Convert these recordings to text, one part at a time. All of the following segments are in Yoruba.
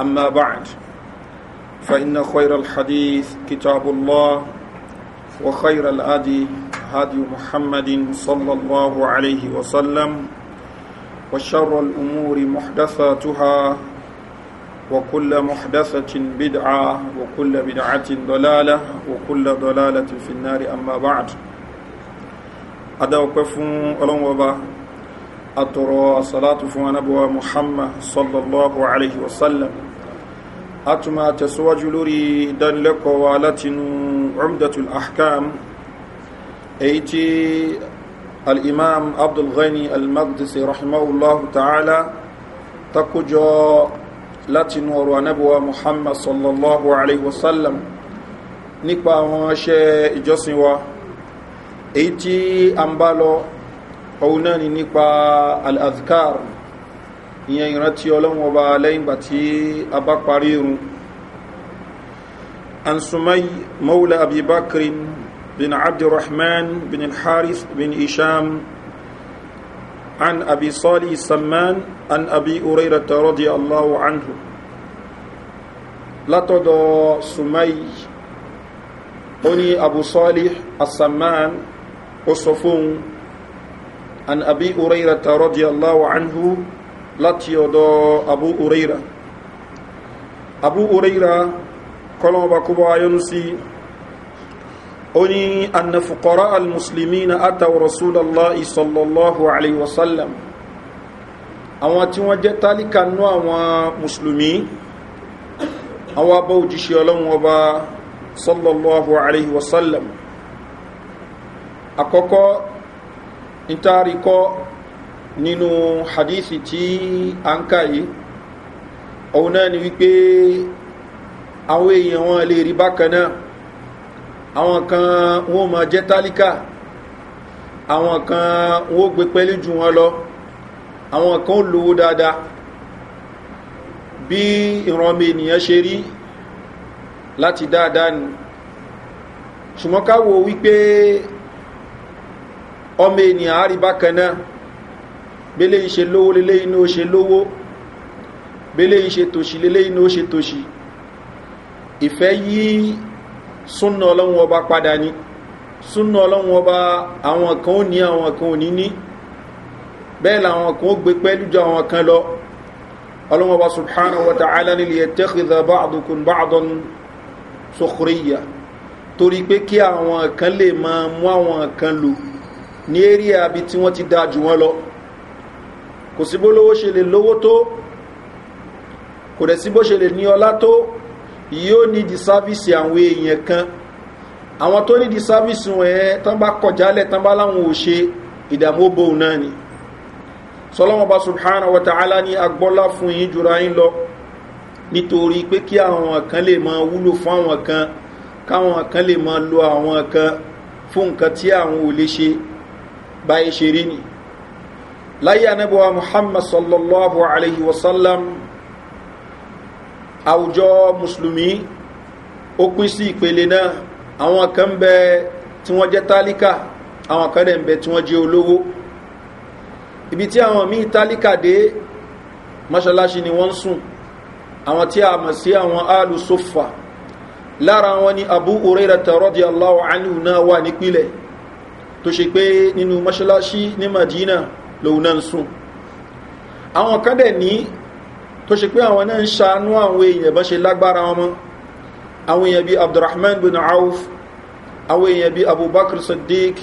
أما بعد فإن خير الحديث كتاب الله وخير الأدي هدي محمد صلى الله عليه وسلم وشر الأمور محدثاتها وكل محدثة بدعة وكل بدعة ضلالة وكل ضلالة في النار أما بعد أدوك فون ألون وبا أترى صلاة فون محمد صلى الله عليه وسلم a tún máa tẹ̀síwájú lórí ìdánilẹ́kọ̀ọ́ wa látinú umdatul ahkam èyí tí al'imam abdulghani al-magdisi rahimahullahu ta'ala takójọ látinú ọrọ̀ anábíwa muhammad sallallahu alaihi wasallam nípa àwọn ṣe ìjọsìn wa èyí tí a ń bá lọ ọ̀húnáni nípa al-azkar ìyẹn ìrántí ọlọ́run ọba lẹ́yìn gbà tí a bá parí irun an sumay maula abubakar bin abdulrahman bin haris bin isham an abi sali salman an abi uraira tarodi allahu anhu látọ̀dọ̀ sumay ó ní abu sali asaman ó sọ fún an abi uraira tarodi allahu anhu láti ọ̀dọ̀ abu ureira abu ureira kọlọ̀ọba kúbọ̀ ayọ́nú sí ó ní annafukọ́rọ̀ al-musulmi na atawar rasulallah isallallahu alaihi wasallam àwọn tí wọ́n jẹ́ tálíkà nú àwọn musulmi àwọn abọ́ òjíṣẹ́ ọlọ́run nínú hadisi tí a ń kà yìí òun náà ni wípé àwọn èèyàn wọn lè rí bákan náà àwọn kan wọn ma jẹ́ tálíkà àwọn kan wọn gbé pẹ́lú jù wọn lọ àwọn kan lówó dáadáa bí ìrànmì ènìyàn ṣe rí láti dáadáa ni ṣùgbọ́n káwò wípé ọmọ ènìyàn á rí bákan náà bẹ́lẹ̀ ìṣe lówó lélẹ́ inú ó ṣe lówó bẹ́lẹ̀ ìṣe tòṣì lélẹ́ inú ó ṣe tòṣì ìfẹ́ yí súnà ọlọ́run ọba padà ní súnà ọlọ́run ọba àwọn kan ó ní àwọn kan ò ní ní bẹ́ẹ̀ làwọn kan ó gbé pẹ́lú ju àwọn kan lọ ọlọ́run ọba subhanahu wa ta'ala nílẹ̀ tẹ́kìdà bá àdùkùn bá àdùn sọkùnrìyà torí pé kí àwọn kan lè máa mú àwọn kan lò ní eré àbí tí wọ́n ti dáa jù wọ́n lọ kò sí bó lówó ṣe lè lówó tó kò dẹ̀ sí bó ṣe lè ní ọlá tó yóò ní di sáfíìsì àwọn èèyàn kan àwọn tó ní di sáfíìsì wọn ẹ tán bá kọjálẹ̀ tán bá láwọn ò ṣe ìdààmú bóun náà ni sọlọ́wọ́n bá subhanahu wa ta'ala ní agbọ́lá fún yín jura yín lọ nítorí pé kí àwọn kan lè mọ wúlò fún àwọn kan káwọn kan lè mọ lo àwọn kan fún nǹkan tí àwọn ò lè ṣe báyìí ṣe rí nìyí láyé anábọ̀wá muhammad sallallahu alayhi wa sallam àwùjọ mùsùlùmí ó pín sí ìpele náà àwọn kan bẹ tí wọ́n jẹ́ tálíkà àwọn kan dẹ̀ ń bẹ tí wọ́n jẹ́ olówó ibi tí àwọn míì tálíkà dé mọ́ṣáláṣí ni wọ́n ń sùn àwọn tí a mọ̀ sí àwọn alùsọ́fà lára wọn ni abu orera tẹ̀rọ́dì aláwọ̀ anìhùn náà wà nípìnlẹ̀ tó ṣe pé nínú mọ́ṣáláṣí ní madina lòun náà ń sùn àwọn kan dẹ̀ ní tó ṣe pé àwọn náà ń ṣàánú àwọn èèyàn bá ṣe lágbára wọn àwọn èèyàn bí abdulrahman bin auf àwọn èèyàn bí abubakar sadiq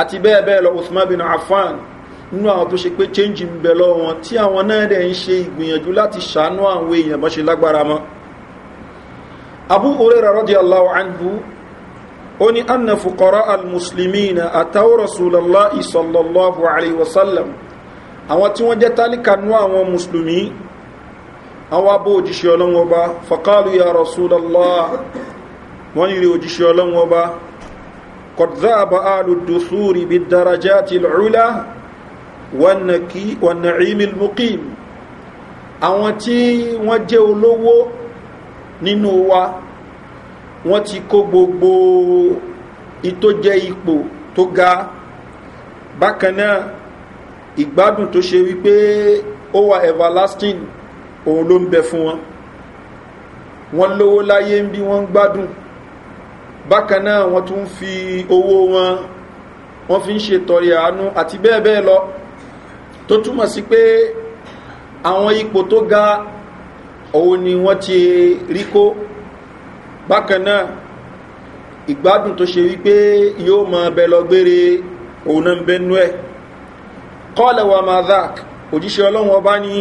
àti bẹ́ẹ̀ bẹ́ẹ̀ lọ usman bin afan nínú àwọn tó ṣe pé change ń bẹ lọ́wọ́ wọn tí àwọn náà dẹ̀ ń ṣe ìgbìyànjú láti ṣàánú àwọn èèyàn bá ṣe lágbára mọ́ abu hurairah rọ́dí anhu ó ní anna fukọrọ almuslimina àtàwọn rasulallah isallallahu alayhi wa sallam àwọn tí wọ́n jẹ́ tálíkanú àwọn musulmi àwọn abó òjíṣẹ́ ọlọ́wọ́ bá fàkàlù ya rasulallah wọ́n ni rí òjíṣẹ́ ọlọ́wọ́ bá kọ̀dzáàbà alùdùsúrì bí darajá ti lọ́rùlá wọ́n nàími mukim àwọn tí wọ́n jẹ́ olówó nínú wa wọ́n ti kó gbogbo ìtó jẹ́ ipò tó ga bákan náà ìgbádùn tó ṣe wípé ó wà everlasting òun ló ń bẹ fún wọn wọ́n lówó láyé ń bí wọ́n ń gbádùn bákan náà wọ́n tún fi owó wọn wọ́n fi ń ṣe àánú àti bẹ́ẹ̀ bẹ́ẹ̀ lọ tó túmọ̀ sí pé àwọn ipò tó ga òun ni wọ́n ti rí kó bákan náà ìgbádùn tó ṣe wípé yóò mọ ọbẹ̀ lọ gbére òun náà ń bẹnu ẹ̀ kọ́lẹ̀ wa mazak òjíṣẹ́ ọlọ́run ọba ní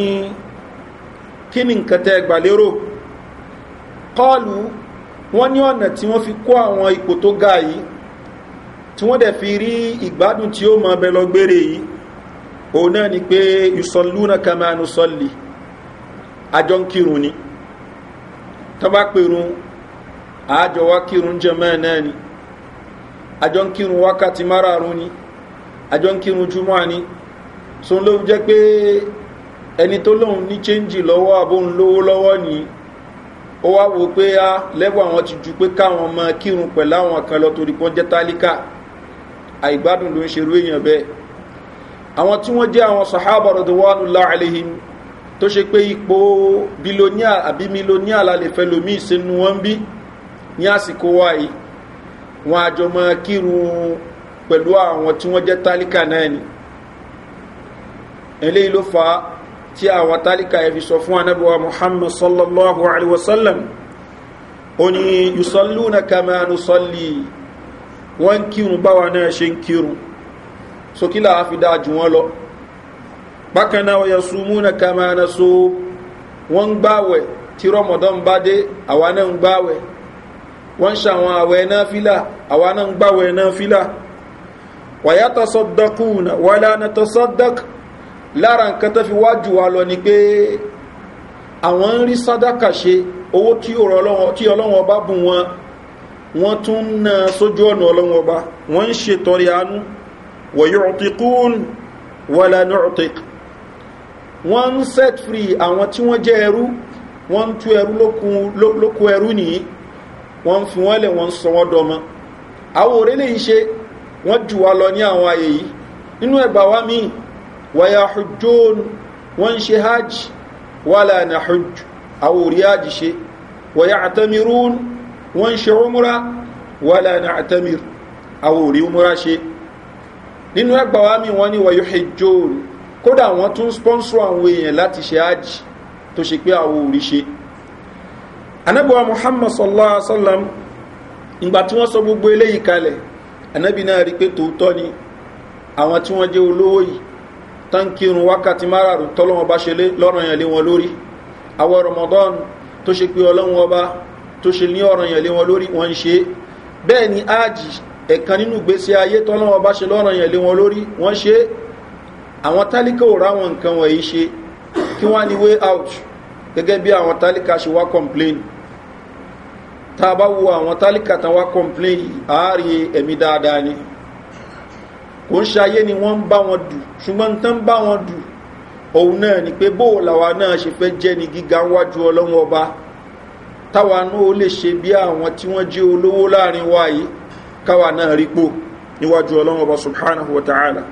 kí ni nǹkan tẹ́ gbàlérò kọ́ọ̀lù wọ́n ní ọ̀nà tí wọ́n fi kó àwọn ipò tó ga yìí tí wọ́n dẹ̀ fi rí ìgbádùn tí ó mọ ọbẹ̀ lọ gbére yìí òun náà ni pé yusọ̀lúnà kamanu sọ́lì àjọ ń kírun ni tọ́ bá pèrún Ajo wá kírun jẹmọ́ ẹ̀ náà ni àjọ ń kírun wákàtí márààrún ni àjọ ń kírun júmọ́ ni so ló jẹ́ pé ẹni tó lóun ní chẹ́ńjì lọ́wọ́ àbóhun lówó lọ́wọ́ nìyí ó wá wo pé á lẹ́wọ̀ àwọn ti ju pé káwọn ọmọ kírun pẹ̀lú àwọn kan lọ torí pọ́n jẹ́ tálíkà àìgbádùn ló ń ṣerú èèyàn bẹ́ẹ̀ àwọn tí wọ́n jẹ́ àwọn sahaba rọ̀dọ̀wọ́nù láàrẹ̀lẹ́hìn tó ṣe pé ipò bilóníà àbí milóníà lálẹ́fẹ́ lomi ìsinú wọn bí ní àsìkò wa yìí wọn àjọ máa kírun pẹ̀lú àwọn tí wọ́n jẹ́ tálíkà náà ni eléyìí ló fa tí àwọn tálíkà yẹn fi sọ fún anábíwá muhammad sallallahu alaihi wasallam ó ní yusallu na kamanu salli wọ́n ń kírun báwa náà ṣe ń kírun sókílà á fi dáa jù wọ́n lọ bákan náà wọ́n súnmú na kamanu so wọ́n ń gbáwẹ̀ tí rọmọdán bá dé àwa náà ń gbáwẹ̀ wọ́n ṣàwọn àwẹ̀ náà fílà àwa náà ń gbàwẹ̀ náà fílà wàyá tọ́sọ́dọ́kù wàlá na tọ́sọ́dọ́kù lára nǹkan tó fi wájú wa lọ ni pé àwọn ń rí sádàkà ṣe owó tí ọlọ́wọ́n ọba bùn wọn wọ́n tún na sójú ọ̀nà ọlọ́wọ́n ọba wọ́n ń ṣètọrẹ wọ́n ń set free àwọn tí wọ́n jẹ́ ẹrú wọ́n ń tú ẹrú lókun ẹrú nìyí wọ́n ń fi wọ́n lẹ̀ wọ́n ń sọ wọ́n dọ́mọ́ àwọn òré lè ń ṣe wọ́n jù wá lọ ní àwọn ààyè yìí nínú ẹ̀bà wá míì wàyà hujjón wọ́n ṣe hajj wà lànà hujj àwọn òrí hajj ṣe wàyà wọ́n ṣe umra wà lànà àtàmír àwọn òrí umra ṣe anábọ̀wá muhammad sallallahu alaihi wasallam ìgbà tí wọ́n sọ gbogbo eléyìí kalẹ̀ anábì náà rí pé tòótọ́ ni àwọn tí wọ́n jẹ́ olówó yìí tán kírun wákàtí márààrún tọ́lọ́wọ́n bá ṣe lọ́rọ̀ yẹn lé wọn lórí àwọn ramadan tó ṣe pé ọlọ́run ọba tó ṣe ní ọ̀rọ̀ yẹn lé wọn lórí wọ́n ń ṣe bẹ́ẹ̀ ni áàjì ẹ̀kan nínú gbésí ayé tọ́lọ́wọ́n bá ṣe lọ́rọ̀ yẹn lé wọn lórí wọ́n ṣe àwọn tálíkà ò ráwọn nǹkan wọ̀nyí ṣe kí wọ́n á ní way out gẹ́gẹ́ bí àwọn tálíkà ṣe wá complain tá a bá wo àwọn tálíkà tán wá complain àárín ẹ̀mí dáadáa ni kò ń ṣayé ni wọ́n ń bá wọn dù ṣùgbọ́n tán bá wọn dù òun náà ni pé bóò làwa náà ṣe fẹ́ jẹ́ ni gíga wájú ọlọ́run ọba táwa náà ó lè ṣe bí àwọn tí wọ́n jẹ́ olówó láàrin wa yìí káwa náà rí pò níwájú ọlọ́run ọba subhanahu wa ta'ala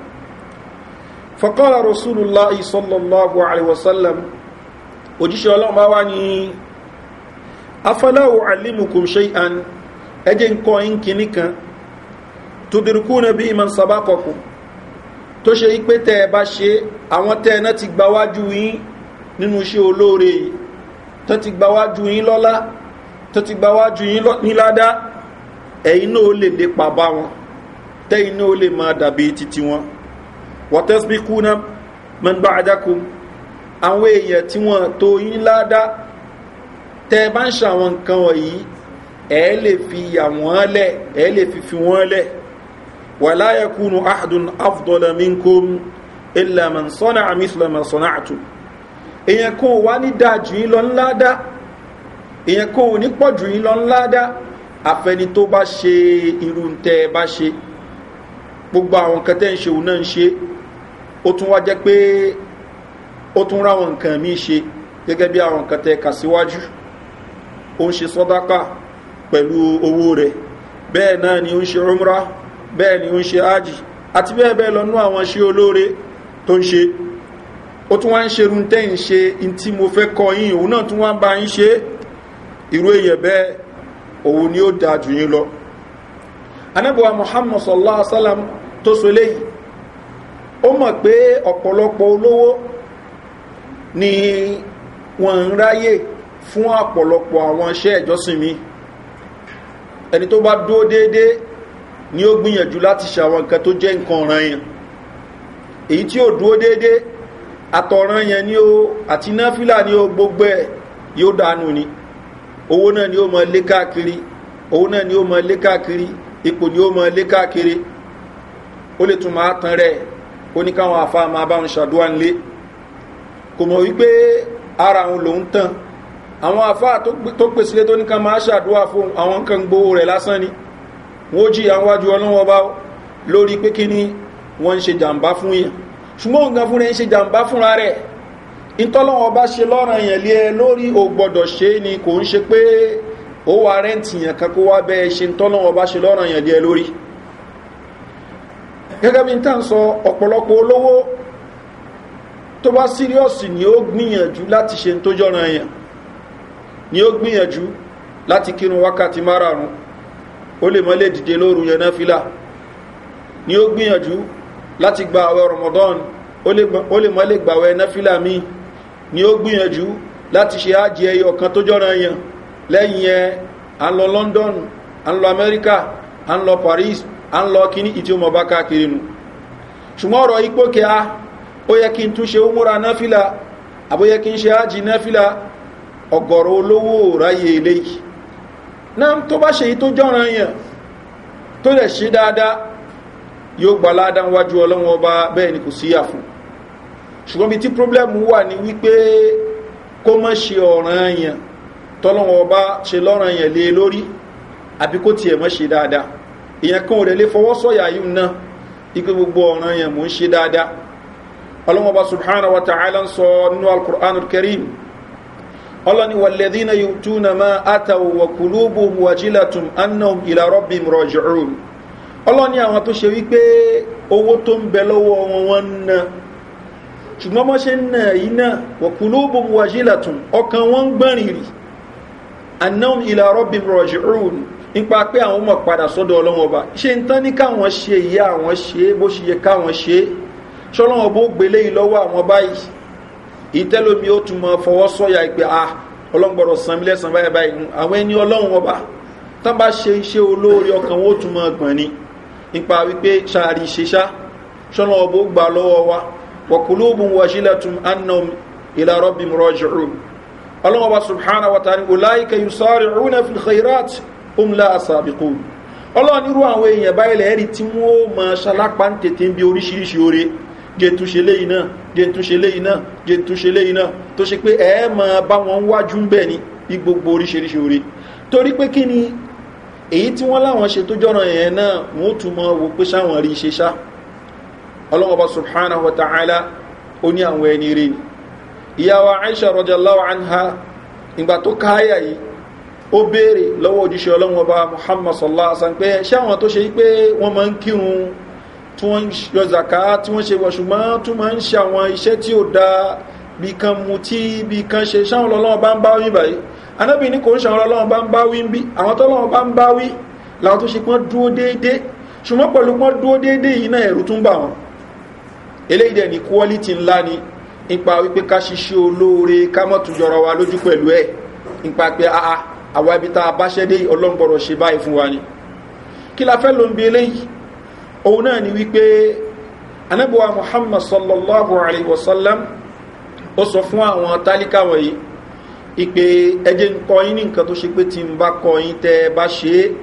faqala rasulullah sallallahu alaihi wasallam sallam òjíṣẹ́ ọlọ́run bá wá ní afọláwò alimukum ṣe'an ẹjẹ́ nǹkan ìkíní kan tó dìrúkú náà bí ìmọ̀ sábà kọkù tó ṣe ipé tẹ́ ẹ bá ṣe àwọn tẹ́ ẹ náà ti gbáwájú yín nínú iṣẹ́ olóore tó ti gbáwájú yín lọ́lá tó ti gbáwájú yín níládá ẹ̀yìn náà ó lè lépa bá wọn tẹ́yìn náà lè máa dàbí titi wọn wọ́tẹ́sbíkú náà mẹ́nbà àdákùn àwọn èèyàn tí wọ́n tó yín ládá tẹ́ bá ń ṣàwọn nǹkan wọ̀nyí ẹ̀ lè fi yà wọ́n lẹ̀ ẹ̀ lè fi fi wọ́n lẹ̀ wà láyé kúnu ahadun afdọ́lẹ̀ mi kó ìlànà sọ́nà àmì ìsìlẹ̀mọ̀ sọ́nà àtù èèyàn kò wá ní dáa jù yín lọ ńlá èèyàn kò ní pọ̀ jù yín lọ ńlá àfẹni tó bá ṣe irú tẹ́ bá ṣe gbogbo àwọn kẹtẹ́ ń ṣe òun náà ń ṣe ó tún wá jẹ́ pé ó tún ráwọn nǹkan míì ṣe gẹ́gẹ́ bí àwọn nǹkan tẹ kà síwájú ó ń ṣe sọ́dápà pẹ̀lú owó rẹ̀ bẹ́ẹ̀ náà ni ó ń ṣe rúmúrá bẹ́ẹ̀ ni ó ń ṣe ájì àti bẹ́ẹ̀ bẹ́ẹ̀ lọ àwọn ṣe olóore tó ń ṣe ó tún wá ń ṣe irun ń ṣe in tí mo fẹ́ kọ yín òun náà tún wá ń bá yín ṣe irú èyàn bẹ́ẹ̀ òun ni ó da jù yín lọ anábọ̀wá muhammad sallallahu alaihi wasallam tó so léyìí ó mọ̀ pé ọ̀pọ̀lọpọ̀ olówó ni wọ́n ń ráyè fún ọ̀pọ̀lọpọ̀ àwọn iṣẹ́ ìjọsìn mi ẹni tó bá dúó déédé ni ó gbìyànjú láti ṣàwọn nǹkan tó jẹ́ nǹkan ọ̀ràn yẹn èyí tí ó dúó déédé àtọ̀ràn yẹn ni ó àti náfílà ni ó gbogbo ẹ̀ yóò dánú ni owó náà ni ó mọ lé káàkiri owó náà ni ó mọ lé káàkiri ipò ni ó mọ lé káàkiri ó lè tún máa tan rẹ̀ ó ní káwọn àfa máa bá ń ṣàdúrà ńlé kò mọ̀ wípé ara òun lòun tán àwọn àfáà tó pèsílẹ̀ tó nìkan máa ṣàdúwà fún àwọn nǹkan gbówó rẹ̀ lásán ni wọ́n jí àwọn wájú ọlọ́wọ́ bá lórí pé kí ni wọ́n ń ṣe jàǹbá fún yẹn ṣùgbọ́n nǹkan fún rẹ̀ ń ṣe jàǹbá fúnra rẹ̀ ìtọ́lọ́wọ́ bá ṣe lọ́ràn yẹn lé ẹ lórí ò gbọ́dọ̀ ṣe ni kò ń ṣe pé ó wà rẹ́ǹtì yẹn kan kó wá bẹ́ẹ̀ ṣe ìtọ́lọ́wọ́ bá ṣe lọ́ràn yẹn lé ẹ lórí gẹ́gẹ́ bí n tàn sọ ọ̀pọ̀lọpọ̀ olówó tó bá síríọ̀sì ni ó gbìyànjú láti ṣe tó jọ́ran èèyàn ni ó gbìyànjú láti kírun wákàtí márààrún ó lè mọ́ lè dìde lóru yẹn náà fílà ni ó gbìyànjú láti gba àwẹ̀ ramadan ó lè mọ́ lè gbàwẹ̀ náà fílà míì ni ó gbìyànjú láti ṣe ájì ẹyọ kan tó jọ́ran èèyàn lẹ́yìn ẹ à ń lọ london à ń lọ amẹ́ríkà à ń lọ paris à ń lọ kíní ìtí ó mọ̀ bá káàkiri nù ṣùgbọ́n ọ̀rọ̀ ipò kẹ́á ó yẹ kí n tún ṣe umura náfìlà àbóyẹ kí n ṣe ájì náfìlà ọ̀gọ̀rọ̀ olówó ráyè eléyìí náà tó bá ṣe yìí tó jọ́ran yàn tó lè ṣe dáadáa yóò gbà ládá wájú ọlọ́wọ́n ọba bẹ́ẹ̀ ni kò síyà fún ṣùgbọ́n bí tí problem wà ní wípé kó mọ́ ṣe ọ̀ràn yàn tọ́lọ́wọ́n ọba ṣe lọ́ràn yàn lé e lórí àbí kó tiẹ̀ mọ́ ṣe dáadáa èèyàn kan ò rẹ̀ lè fọwọ́ sọ̀yà yìí náà ipé gbogbo ọ̀ràn yàn mò ń ṣe dáadáa ọlọ́mọba subhanahu wa ta'ala sọ nínú alkùránù kẹrin ọlọ́ni wàlẹ́dínà yóò túnà máa àtàwò wà kùlúbù wàjílàtùm annahum ìlà rọ́bì mìíràn ọlọ́ni àwọn tó ṣe wípé owó tó ń bẹ lọ́wọ́ wọn wọn na ṣùgbọ́n mọ́ ṣe ń nà yìí náà wà kùlúbù wàjílàtùm ọkàn wọn gbọ́nrin rì annahum ìlà rọ́bì mìíràn nípa pé àwọn ọmọ padà sọ́dọ̀ ọlọ́wọ́ ọba ṣe ń tán ní káwọn ṣe ìyá àwọn ṣe bó ṣe yẹ káwọn ṣe é ṣọ́lọ́wọ́n bó gbélé yìí lọ́wọ́ àwọn báyìí ìtẹ́lómi ó tún mọ fọwọ́ sọ́yà ìpè à ah, ọlọ́ngbọ̀rọ̀ sanmi lẹ́sàn báyìí báyìí àwọn ẹni ọlọ́run ọba tán bá ṣe iṣẹ́ olóore ọkàn wọn ó tún mọ gbọ̀n ni nípa wípé ṣáàrí ṣeṣá ṣọ́lọ́wọ́n bó gbà lọ́wọ́ wa wọ̀kúlóògùn wọ̀ṣílẹ̀ tún annam ìlà rọ́bì rọ́jùrù ọlọ́wọ́n bá subhana wa ta ọlọ́run irú àwọn èèyàn báyìí lẹ́ẹ̀rí tí wọ́n mọ ṣalápá ń tètè bí oríṣiríṣi oore jẹ́ntúnṣe lé iná jẹ́ntúnṣe lé iná jẹ́ntúnṣe lé iná tó ṣe pé ẹ máa bá wọn wájú ń bẹ̀ ní gbogbo oríṣiríṣi orí torí pé kí ni èyí tí wọ́n láwọn ṣe tó jọ́ràn yẹn náà wọ́n tún mọ́ wo pé sáwọn rí ṣe ṣá ọlọ́wọ́ba subhanahu wa ta'ala ó ní àwọn ẹni rí ni ìyàwó aisha rọjàláwà anha ìgbà tó káyà yìí ó béèrè lọ́wọ́ òjíṣẹ́ ọlọ́wọ́ba muhammad sallallahu alaihi wasallam pé ṣáwọn tó tí wọ́n ń yọ zaka tí wọ́n ṣe wọ̀ ṣùgbọ́n tó máa ń ṣe àwọn iṣẹ́ tí ó da bí kan mu tí bí kan ṣe ṣáwọn ọlọ́wọ́n bá ń bá wí báyìí anábì ní kò ń ṣàwọn ọlọ́wọ́n bá ń bá wí ń bí àwọn tọ́lọ́wọ́n bá ń bá wí làwọn tó ṣe pọ́n dúó déédé ṣùgbọ́n pẹ̀lú pọ́n dúó déédé yìí náà ẹ̀rù tún bà wọ́n eléyìí dẹ̀ ní quality ńlá ni nípa wípé ká ṣiṣẹ́ olóore ká mọ́ tún jọra wa lójú pẹ̀lú ẹ̀ nípa pé àwa ibi tá a báṣẹ́ dé ọlọ́ngbọ̀rọ̀ ṣe báyìí fún wa ni kí la fẹ́ ló ń bi eléyìí òun náà ni wípé anábíwá muhammad sallallahu alaihi wasallam ó sọ fún àwọn tálíkà wọ̀nyí ìpè ẹjẹ́ ń kọ yín ní nǹkan tó ṣe pé tí ń bá kọ yín tẹ bá ṣe é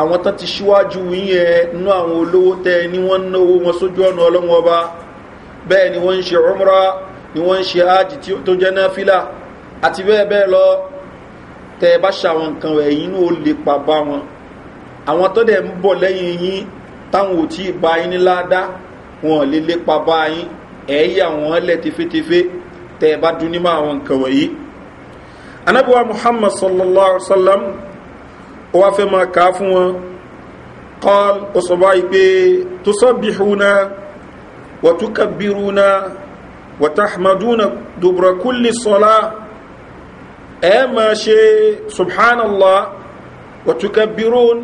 àwọn tán ti ṣíwájú yíyẹ nú àwọn olówó tẹ ní wọ́n náwó wọn sójú ọ̀nà ọlọ́wọ́n ọba bẹ́ẹ̀ ni wọ́n ń ṣe ọmọra ni wọ́n ń ṣe ájì tó jẹ́ náà fílà àti bẹ́ẹ̀ bẹ́ẹ̀ lọ tẹ bá ṣàwọn nǹkan ẹ̀yìn ó lè pa bá wọn àwọn tó dẹ̀ ń bọ̀ lẹ́yìn yín táwọn ò tí ì bá yín ní ládá wọn lè lépa bá yín ẹ̀yà wọn lẹ̀ tefetefe tẹ́ ẹ bá dún ní máa wọn kàn wọ̀nyí. anábíwá muhammad sallallahu alaihi wa sallam ó wá fẹ́ máa kà á fún wọn qal ó sọ báyìí pé tusabbihuna wa tukabbiruna wa tahmaduna dubra kulli salah ẹ máa ṣe subhanallah wa tukabbiruna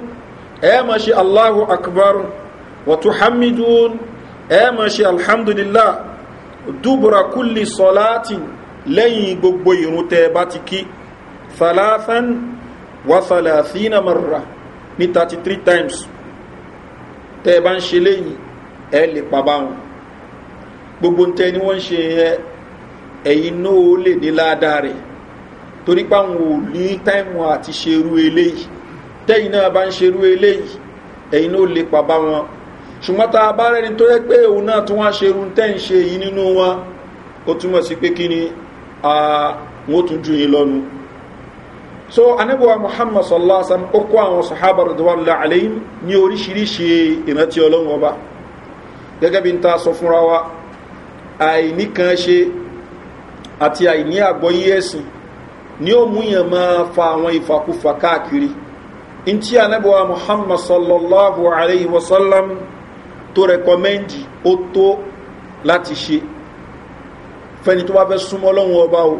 ẹ ma ṣe allahu akbar wa tuhamidun ẹ ma ṣe alhamdulillah dubura kulli solatin lẹ́yìn gbogbo irun tẹ bá ti kí thalathan wa thalathina marra ní 33 times tẹ bá ń ṣe lẹ́yìn ẹ lè pa gbogbo tẹ ni wọ́n ṣe yẹn ẹ̀yin náà ó lè ní ládàá rẹ̀ torí ò ní táìmù àti ṣerú eléyìí tẹ́yìn náà bá ń ṣerú eléyìí ẹ̀yìn náà lè pa bá wọn ṣùgbọ́n tá a bá rẹ́ni tó yẹ pé òun náà tún wá ṣerú tẹ́yìn ṣe yìí nínú wọn ó túmọ̀ sí pé kí ni wọ́n tún ju yín lọ́nu so anábíwá muhammad sallallahu alaihi wasallam ó kó àwọn sahaba radwanla alayhim ní oríṣiríṣi ìrántí ọlọ́run ọba gẹ́gẹ́ bí n ta sọ fúnra wa àìní kan ṣe àti àìní àgbọ́yé ẹ̀sìn ni ó mú yàn máa fa àwọn ìfàkúfà káàkiri in tí anábọ̀wá muhammad sallallahu alayhi wa sallam tó rẹkọmẹ́ndì ó tó láti ṣe fẹ́ni tó bá fẹ́ súnmọ́ lọ́wọ́ ọba o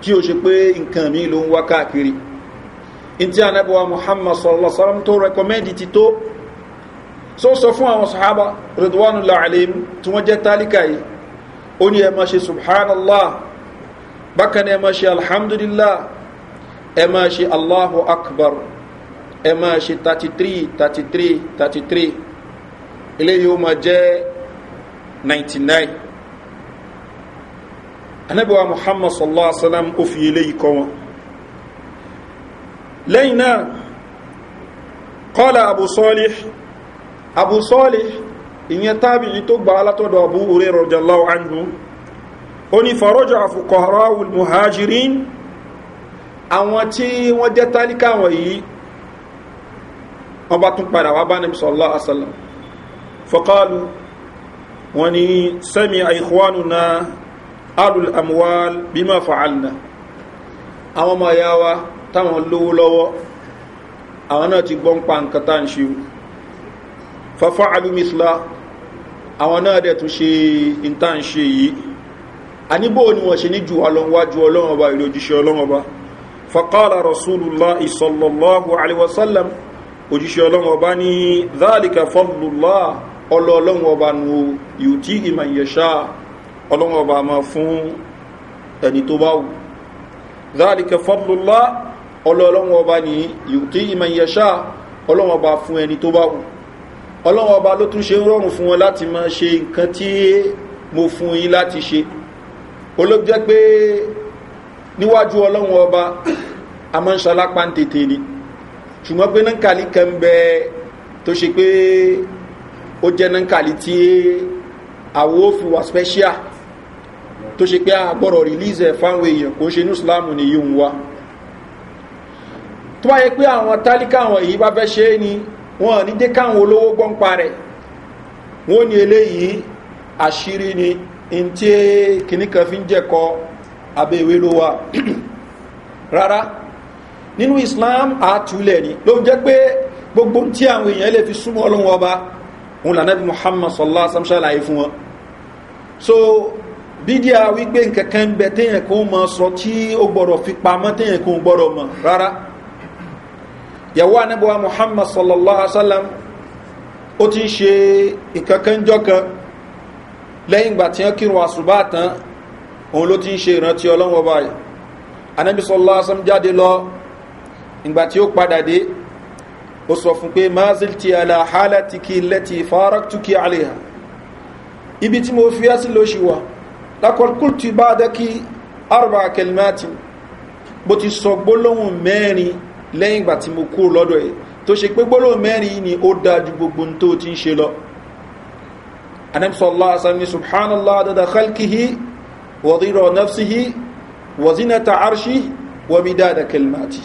tí ó ṣe pé nǹkan mi ló ń wá káàkiri in tí anábọ̀wá muhammad sallallahu alayhi wa sallam tó rẹkọmẹ́ndì ti tó so fún àwọn sahaba ridwanullah alayhim tí wọ́n jẹ́ tálíkà yìí ó ní ẹ máa ṣe subhanallah bákan ẹ máa ṣe alhamdulillah ẹ máa ṣe allahu akbar ẹ máa ṣe thirty three thirty three thirty three eléyìí ó máa jẹ́ ninety nine anabiwa muhammad sallallahu alaihi wa sallam ó fi eléyìí kọ́ wọn lẹ́yìn náà kọ́lá abu sọ́lih abu sọ́lih ìyẹn tábì yìí tó gba alátọ́dọ̀ abu orí rọ̀jọ̀láwọ̀ anhu ó ní farọ́jọ́ àfukọ̀ọ́rọ̀ muhajirin àwọn tí wọ́n jẹ́ tálíkà wọ̀nyí ọba tún padà wá bá nàbí sọ̀lá àṣàlá fọ́kálù wọn ni sẹ́mi àìkúwánu na alul amuwal bímọ fa'alna àwọn ọmọ ya wa táwọn lówó lọ́wọ́ àwọn náà ti gbọ́n pa nǹkan tá ń ṣe fafá alumisla àwọn náà dẹ̀ tún ṣe ìta ń ṣe yìí a níbò ni wọ́n ṣe ní jù alọ́wájú ọlọ́wọ́ba ìlòjíṣẹ́ ọlọ́wọ́ba fakọ́lá rasulullah isallallahu alaihi wasallam òjíṣẹ́ ọlọ́run ọba ní záàlìkà fọ́lùlá ọlọ́ ọlọ́run ọba nu yìí tí ìmọ̀ ìyẹ̀ṣà ọlọ́run ọba máa fún ẹni tó bá wù záàlìkà fọ́lùlá ọlọ́ ọlọ́run ọba ní yìí tí ìmọ̀ ìyẹ̀ṣà ọlọ́run ọba fún ẹni tó bá wù ọlọ́run ọba ló tún ṣe rọrùn fún wọn láti máa ṣe nǹkan tí mo fún yín láti ṣe olóòjẹ́ pé níwájú ọlọ́run ọba a máa ń ṣalápá ń tètè ni ṣùgbọ́n pé nankali kan bẹ tó ṣe pé ó jẹ́ nankali tí àwo fi wà special tó ṣe pé àgbọ̀rọ̀ release ẹ̀ fáwọn èèyàn kò ṣe ní islam ni yíò ń wá tó wáyé pé àwọn tálíkà àwọn èyí bá fẹ́ ṣe é ni wọ́n ní dé káwọn olówó gbọ́npa rẹ̀ wọ́n ní eléyìí àṣírí ni in tí kìnnìkan fi ń jẹ́kọ abẹ́wé ló wà rárá nínú islam àtúlẹ̀ ni ló jẹ́ pé gbogbo tí àwọn èèyàn lè fi súnmọ́ ọlọ́run ọba òun lànàbí muhammad sallallahu alaihi fún wọn so bídíà wípé nkankan bẹ téèyàn kan mọ sọ tí ó gbọdọ̀ fi pamọ́ téèyàn kan gbọdọ̀ mọ rárá yàwó anábọ̀wá muhammad sallallahu alaihi wasallam ó ti ń ṣe ìkankanjọ́ kan lẹ́yìn ìgbà tí wọ́n kírun àṣùbá tán òun ló ti ń ṣe ìrántí ọlọ́run ọba yìí sallallahu alaihi jáde lọ ìgbà tí ó padà dé ó sọ fún pé mazil ti ala halatiki lẹ́ti faraktuki aliha ibi tí mo fi ẹ́sì ló ṣe wà lákọ̀ọ́kùtù bá dákí arba kelmati bó ti sọ gbólóhùn mẹ́rin lẹ́yìn ìgbà tí mo kúrò lọ́dọ̀ ẹ̀ tó ṣe pé gbólóhùn mẹ́rin ni ó dájú gbogbo tó ti ń ṣe lọ anamsọ́lá asani arshi wàbídá da kelmati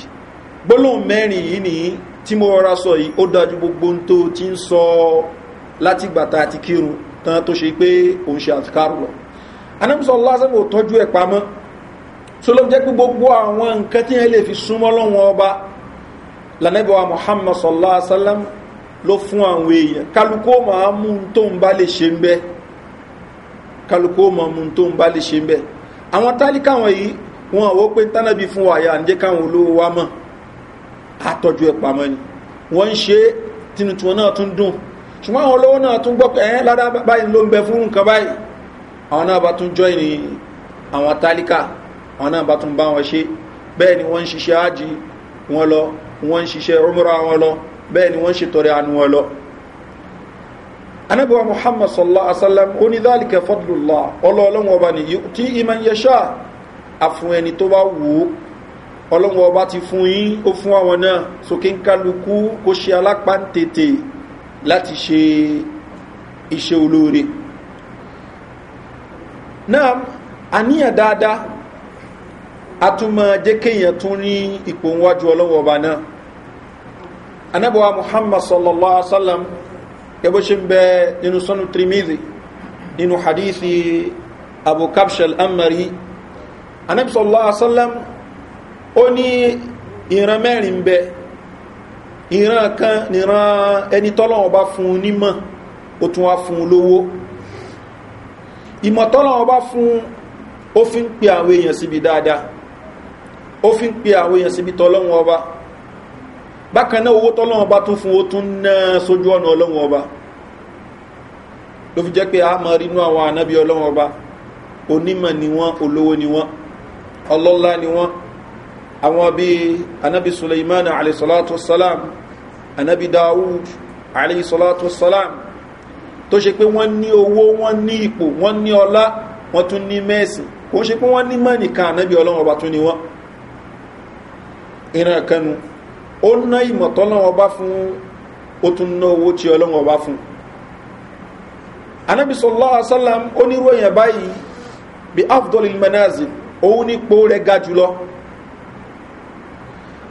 gbólóhùn mẹ́rin yìí ni tí mo rọra sọ yìí ó dájú gbogbo tó ti ń sọ láti gbàtà àti kírun tán tó ṣe pé òun ṣe àtikárù lọ anamsọ lásán kò tọ́jú ẹ̀ pamọ́ tó ló jẹ́ pé gbogbo àwọn nǹkan tí yẹn lè fi súnmọ́ lọ́wọ́ ọba lànàbíwá muhammad sallallahu alaihi wasallam ló fún àwọn èèyàn kálukó máa mú tó ń bá lè ṣe ń bẹ́ kálukó máa mú tó ń bá lè ṣe ń bẹ́ àwọn tálíkà wọn yìí wọn àwọn pé tánàbí fún wàyà ń káwọn olówó wa mọ̀ àtọ́jú ẹ̀ pamọ́ ni wọ́n ń ṣe tinú tí wọ́n náà tún dùn ṣùgbọ́n àwọn olówó náà tún gbọ́ pé ẹ̀yẹn ládá báyìí ló ń bẹ fún nǹkan báyìí àwọn náà bá tún jọ́ìn àwọn tálíkà àwọn náà bá tún bá wọn ṣe bẹ́ẹ̀ ni wọ́n ń ṣiṣẹ́ ájì wọn lọ wọ́n ń ṣiṣẹ́ rúmúra wọn lọ bẹ́ẹ̀ ni wọ́n ń ṣètọrẹ àánú wọn lọ anabiwa muhammad sallallahu alaihi wasallam oni dhalika fadlullah ọlọ́ọ̀lọ́wọ́ ọba ni tí iman yasha ọlọ́wọ́ ọba ti fún yín ó fún àwọn náà sókè ń kálukú kó ṣe alápá ń tètè láti ṣe iṣẹ́ olóore náà àníyàn dáadáa a tún máa jẹ́ kéèyàn tún ní ipò níwájú ọlọ́wọ́ ọba náà anábọ̀wá muhammad sallallahu alaihi wasallam gẹ́gbó ṣe ń bẹ nínú sọ́nù trimidi nínú hadithi abu kapshal amari anábì sallallahu alaihi wasallam ó ní ìran mẹ́rin ń bẹ ìran kan nìran ẹni tọ́lọ́wọ́ bá fún un nímọ̀ ó tún wá fún un lówó ìmọ̀ bá fún ó fi ń pe àwọn èèyàn síbi dáadáa ó fi pe àwọn èèyàn síbi ọba bákan náà owó ọba tún fún ó tún ná sójú ọ̀nà ọba ló fi jẹ́ pé a mọ̀ rínú àwọn ànábí ọba onímọ̀ ni wọ́n olówó ni wọ́n àwọn bí anabi suleiman alayhisalatu wasalam anabi daoud alayhisalatu wasalam tó ṣe pé wọ́n ní owó wọ́n ní ipò wọ́n ní ọlá wọ́n tún ní mẹ́ẹ̀sì kò ṣe pé wọ́n ní mẹ́nìkan anabi ọlọ́run ọba tún ni wọ́n ìran kanu ó ná ìmọ̀tọ́lọ́run ọba fún ó tún ná owó tí ọlọ́run ọba fún anabi sallallahu alayhi wasalam oníròyìn báyìí bí afdolil manazil òun ní po rẹ̀ ga jùlọ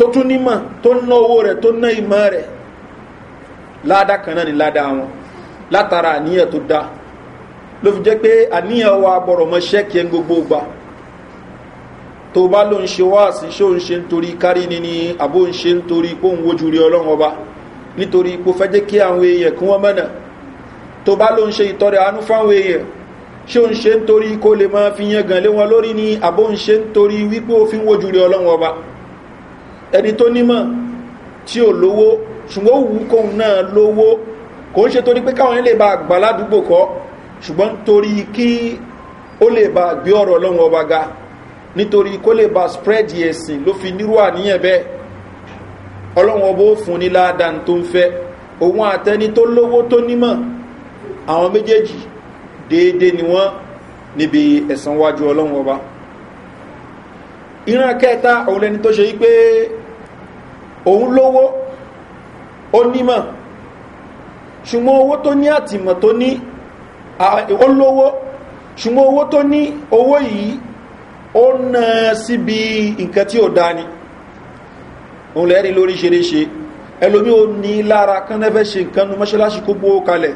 tó tún nímọ̀ tó ná owó rẹ̀ tó ná ìmọ̀ rẹ̀ ládá kan náà ni ládá wọn látara àníyàn tó dá ló fi jẹ́ pé àníyàn wa gbọ́rọ̀ mọ́ ṣẹ́kì ẹ̀ gbogbo gbà tó bá ló ń ṣe wá sí ṣó ń ṣe nítorí kárí ni ni àbó ń ṣe nítorí pó ń wojú rí ọlọ́run ọba nítorí pó fẹ́ jẹ́ kí àwọn èèyàn kí wọ́n mọ̀nà tó bá ló ń ṣe ìtọrẹ àánú fáwọn èèyàn ṣó ń ṣe nítorí kó lè máa fi yangàn lé wọn lórí ni àbó ń ṣe nítorí wípé ó wojú rí ọlọ́run ọba ẹni tó nímọ̀ tí ò lówó ṣùgbọ́n òwú kóun náà lówó kò ń ṣe torí pé káwọn lè ba àgbà ládùúgbò kọ́ ṣùgbọ́n torí kí ó lè ba gbé ọ̀rọ̀ lọ́wọ́ ọba ga nítorí kó lè ba spread ẹ̀sìn ló fi nírú àníyàn bẹ́ẹ̀ ọlọ́wọ́n ọba ó fún ní ládàá tó ń fẹ́ òun àtẹni tó lówó tó nímọ̀ àwọn méjèèjì déédé ni wọ́n níbi ẹ̀sán wájú ọlọ́wọ́n ọba ìran kẹta òun lẹni tó ṣe yí pé òun lówó ó nímọ̀ ṣùgbọ́n owó tó ní àtìmọ̀ tó ní ó lówó ṣùgbọ́n owó tó ní owó yìí ó na síbi nǹkan tí ó dání òun lẹ́rin lórí ṣeréṣe ẹlòmí ó ní lára kánẹ́fẹ́ ṣe nǹkan nu mọ́ṣáláṣí kó gbówó kalẹ̀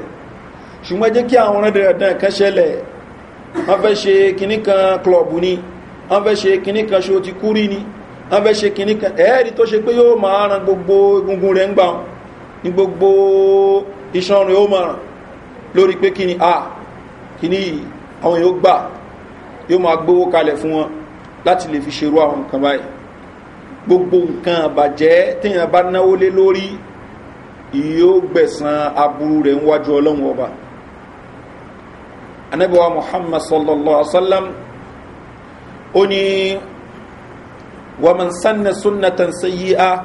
ṣùgbọ́n jẹ́ kí àwọn rẹ̀dẹ̀rẹ̀dẹ̀ kan ṣẹlẹ̀ wọ́n fẹ́ ṣe kìnníkan kìnníkan ṣe ó ti kú ni wọ́n fẹ́ ṣe kìíní kan ẹ̀ẹ́rì tó ṣe pé yóò máa ran gbogbo egungun rẹ̀ ń gbà wọn ní gbogbo iṣan rẹ̀ ó máa ràn lórí pé kíni a kíní yìí àwọn yóò gbà yóò máa gbówó kalẹ̀ fún wọn láti lè fi ṣerú àwọn nǹkan báyìí gbogbo nǹkan àbàjẹ́ téèyàn bá náwó lé lórí yóò gbẹ̀sán aburú rẹ̀ níwájú ọlọ́run ọba anabiwa muhammad sallallahu alaihi wa sallam ó ní wọ́n sanna sunnatan sayi a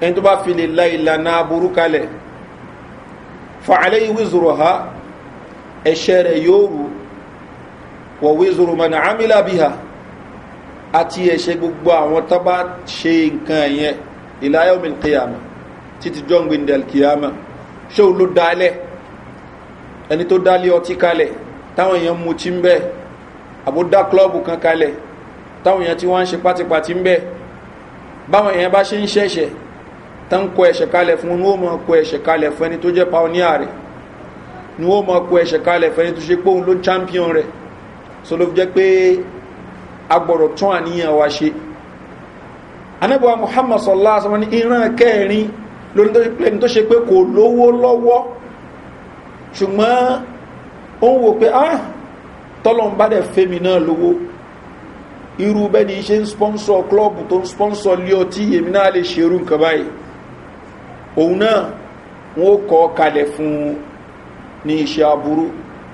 ẹni tó bá fi lè la ìlànà aburú kalẹ̀ fàcálẹ́ yìí wíṣọ̀rọ̀ ha ẹ̀ṣẹ̀ rẹ̀ yóò rú wọ̀ wíṣọ̀rọ̀ mọ̀nà amílà bí ha àti ẹ̀ṣẹ̀ gbogbo àwọn tó bá ṣe nǹkan yẹn ìlàyọ̀mìn kìyàmà títí jọ́ngbìn dẹ̀ kìyàmà ṣé o ló dalẹ̀ ẹni tó dalẹ̀ ọtí kalẹ̀ táwọn èèyàn mutí ń bẹ́ẹ̀ àbó dá klọ́ọ̀bù kan kalẹ̀ táwọn èèyàn tí wọ́n ń ṣe pátipàti ń bẹ̀ báwọn èèyàn bá ṣe ń ṣẹ̀ṣẹ̀ tán kọ ẹ̀ṣẹ̀ kalẹ̀ fún un ó mọ kọ ẹ̀ṣẹ̀ kalẹ̀ fún ẹni tó jẹ́ pioneer rẹ̀ ni ó mọ kọ ẹ̀ṣẹ̀ kalẹ̀ fún ẹni tó ṣe pé ló champion rẹ̀ so ló fi jẹ́ pé agbọ̀rọ̀ tún àníyàn wa ṣe anábọ̀ muhammad sọ̀lá sọmọ ní ìran kẹrin lórí ẹni tó ṣe pé kò lówó lọ́wọ́ ṣùgbọ́n ó ń wò pé ah tọ́lọ́n bá dẹ̀ fẹ́mi náà lówó irú bẹ́ni ṣe ń spọ́nsọ̀ klọ́ọ̀bù tó ń spọ́nsọ̀ lé ọtí èmi náà lè ṣerú nǹkan báyìí òun náà wọ́n kọ́ kalẹ̀ fún ní iṣẹ́ aburú